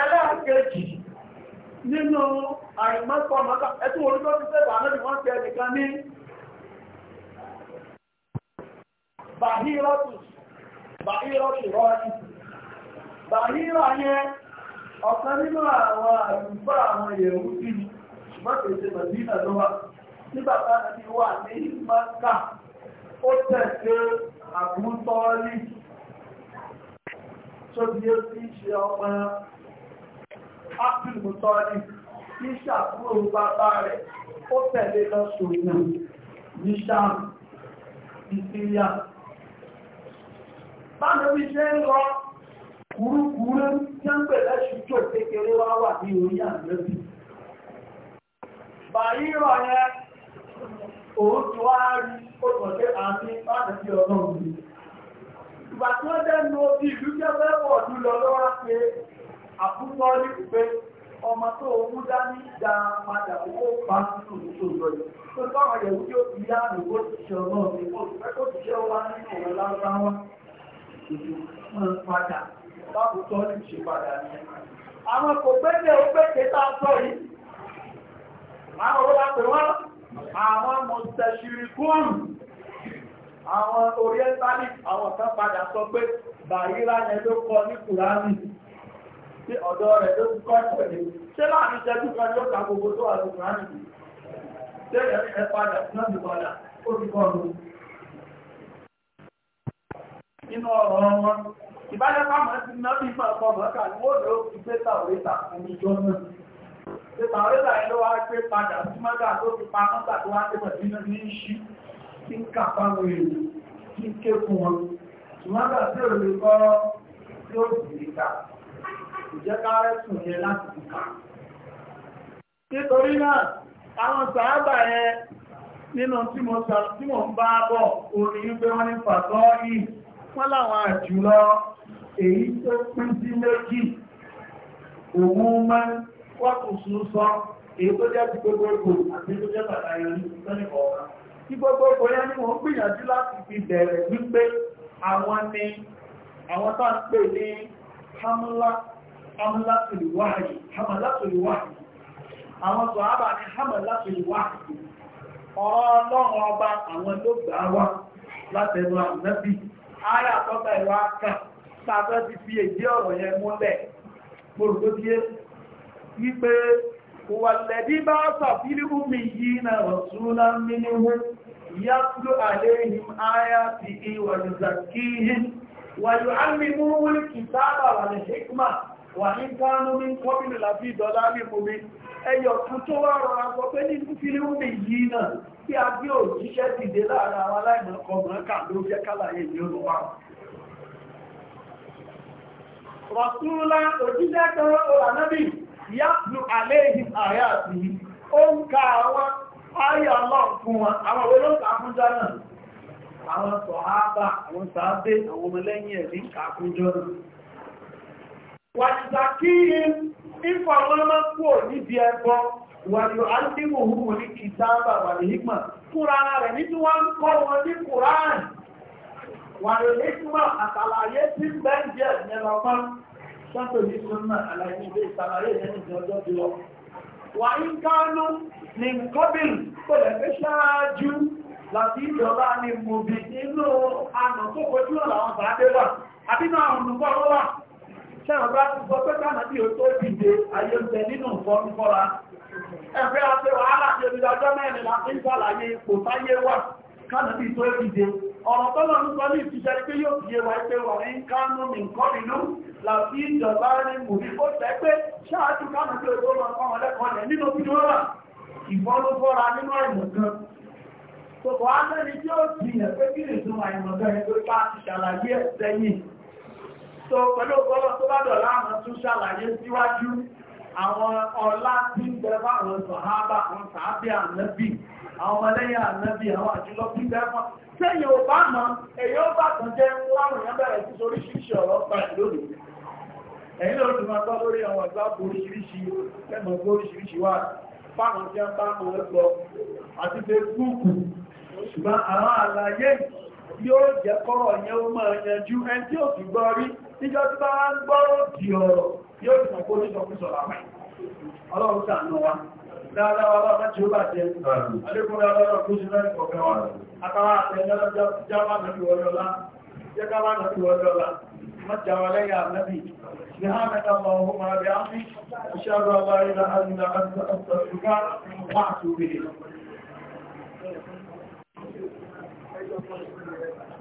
ẹlẹ́ẹ̀kejì nínú àìmọ́kọ̀ mọ́ta ẹtún olùkọ́ ti fẹ́ ebe a wọ́n ti ẹnìkan ní bàhírọ́tù bàhírọ́tù rọ́ọ̀tù bàhírọ̀ yẹn ọ̀kan nínú àwọn àyùbá àwọn yẹ̀wù bí ṣùgbọ́n kò ṣe màdínà ti wà ní ó àbúntọ́ọ́lì ápìlùmùtọ́lì ní ṣàkúrò bàbá rẹ̀ ó tẹ̀lé lọ ṣòrìnà ní ṣàm ìsìyà báyọ̀bí ṣe ń lọ kúrúkúrú tí ń pẹ̀lẹ́ ṣùjọ kékeré wá wà ní orí àjẹ́bí bàyí rọ̀ yẹn òun tí wá rí ó tọ̀ sí àmì báyọ̀bí ọlọ́run ìgbà tí wọ́n dẹ́nu ojú ìlú jẹ́ fẹ́ pọ̀ jù lọ lọ́wọ́ pé àbúkọ́ ní pípé ọmọ tó owó dání da padà owó pa nínú ìṣòro rẹ̀ tó táwọn yẹ̀wú yóò fi yá àrùkó ṣiṣẹ́ ọmọ mi kó fẹ́ kó ṣiṣẹ́ wá nínú ọ̀rọ̀ lágbáwá ìlú wọn padà báwo tọ́ ní ṣe padà ní àwọn kò gbẹ́gbẹ́ ó gbẹ́gbẹ́ tá a sọ àwọn orientalist àwọn kan padà sọ pé bàríra yẹn ló kọ ní kùránì sí ọ̀dọ́ rẹ̀ ló ń kọ́ tẹ̀lé ṣé láàrin ìṣẹ́jú kan yóò ka gbogbo tó wà ní kùránì yìí ṣé ẹ padà náà ti padà ó ti kọ́ lu. nínú ọ̀rọ̀ wọn ìbájọ́pá máa ti ná bí máa kọ́ mọ́ta ni wọ́n lọ fi gbé tàwéta fún ìjọ náà ṣe tàwéta yìí ló wá gbé padà sí mọ́ta tó fi pa mọ́ta tó wá gbé pẹ̀lú iná ní ṣí tí ń kàpá wọn èrò tí ń ké fún wọn ṣùgbọ́n gbà sí òrùlé kọ́ tí ó sì ká ìjẹ́kárẹ́sùn yẹn láti fi kà. nítorí náà àwọn sàábà yẹn nínú tí mo ń bá bọ̀ orí wípé wọ́n ní fàtọ́ yìí wọ́n láwọn àjùlọ èyí tó pín sí méjì òun mọ́ wọ́pù súnsọ èyí tó jẹ́ ti gbogbogbò àti tó jẹ́ pàtàkì orí ọ̀rọ̀ tí gbogbogbò yẹn ni wọ́n gbìyànjú láti fi bẹ̀rẹ̀ wípé hamilatoiwáyì àwọn sọ̀hábà ní hamilatoiwáyì ọ̀rọ̀ ọlọ́run ọba àwọn ló gbà wá látẹnu ànábì ayà tọ́ta ìwà kà tàbẹ́ ti fi èdè ọ̀rọ̀ yẹn múlẹ̀ gbòrògbòdíé wípé wàlẹ̀dí bá kìtàbà wà ní hikmah wà ní kánú ní kọ́bìnì láti ìdọ́lá ní mumi ẹyọ kan tó wà rọra sọ pé ní fílímù yìí náà tí a bí òjíṣẹ́ dìde láàrin àwọn aláìmọ̀kọ mọ̀ọ́kà ló jẹ́ kálàyé ní olùwà rọ̀túnlá òjíṣẹ́ kan olànábì àti ó ń ka àwọn fún wọn àwọn fún jọ́nà àwọn sọ̀hábà àwọn sàábé àwọn ọmọlẹ́yìn wàtìsàkíyìn ìfà wọn máa kú ò níbi ẹbọ wàlú àdínwò hùwù ní kìtàbà wàlú hikma fúnra rẹ̀ ní tí wọ́n ń kọ́ wọn ní kùránì wàlú hikma àtàlàyé tí bẹ́ńjẹ̀ nẹ́lọ́pá sọ́tò ní súnmà àlàyé ìgbé ìsàlàyé lẹ́yìn ìjọjọ́ ti lọ wà ń kánú ní kọ́bìn tó lẹ̀ fẹ́ ṣáájú láti ìjọba ní mòbí nínú àmọ̀ tó kojú ọ̀làwọn bàbá wà àbínú àwọn olùkọ́ wà Tẹ́wọ̀n bá ti sọ pé káàmà bí o tó dìde ayé oúnjẹ nínú nǹkan fọ́ra. Ẹ̀fẹ́ àti wàhálà ti olùdájọ́ mẹ́rin láti ń sàlàyé kò sáyé wà káàmà bí tó dìde. Ọ̀rọ̀ tọ́lọ̀ ń sọ ní ìfìṣẹ́ pé yóò fi ewa ẹgbẹ́ wà ní kánú mi nǹkan nínú láti ìjọba ní mùrí ó tẹ́ pé ṣáájú káàmà bí o tó máa kọ́ wọn lẹ́kọ̀ọ́ rẹ̀ nínú kí wọ́n wà ìbọn ló fọ́ra nínú àìmọ̀kan. Tòkọ̀ á lẹ́ni tí ó jìyàn pé kí nìtún àìmọ̀kan ẹgbẹ́ bá ti ṣàlàyé so pẹ̀lú ọgọ́lọ́ tó bá dọ̀lá àmọ́ tún ṣàlàyé síwájú àwọn ọlá tí ń bẹ fún àwọn sọ̀hábà àwọn sàábì ànábì àwọn ọmọlẹ́yìn ànábì àwọn àjùlọ tí ń bẹ fún sẹ́yìn ò bá mọ̀ èyí ó bá tàn jẹ́ láwọn èèyàn bẹ̀rẹ̀ sí oríṣiríṣi ọ̀rọ̀ pàdé lónìí ẹ̀yìn ló ti máa gbọ́ lórí àwọn ìgbàpò oríṣiríṣi lẹ́mọ̀ gbọ́ oríṣiríṣi wà fáwọn tí a bá mọ̀ ẹgbọ́ àti fẹ́kúùkù ṣùgbọ́n àwọn àlàyé yóò jẹ́ kọ́rọ̀ yẹn ó máa yanjú ẹni tí ò sì gbọ́ rí níjọ́ tí bá ń gbọ́ òdì ọ̀rọ̀ yóò ti mọ̀ kó ní sọkúsọ̀ láwọn ọlọ́run sàánú wa dáadáa ọlọ́run tí ó bà jẹ́ alékúnrẹ́ ọlọ́run kó sí lẹ́yìn kọ̀ọ̀kan wa àtàwọn àtẹ̀yìn ọlọ́jọ́ jáwà nàbí wọlọ́lá jẹ́ káwà nàbí wọlọ́lá mọ́jà wà lẹ́yìn ànábì سبحانك اللهم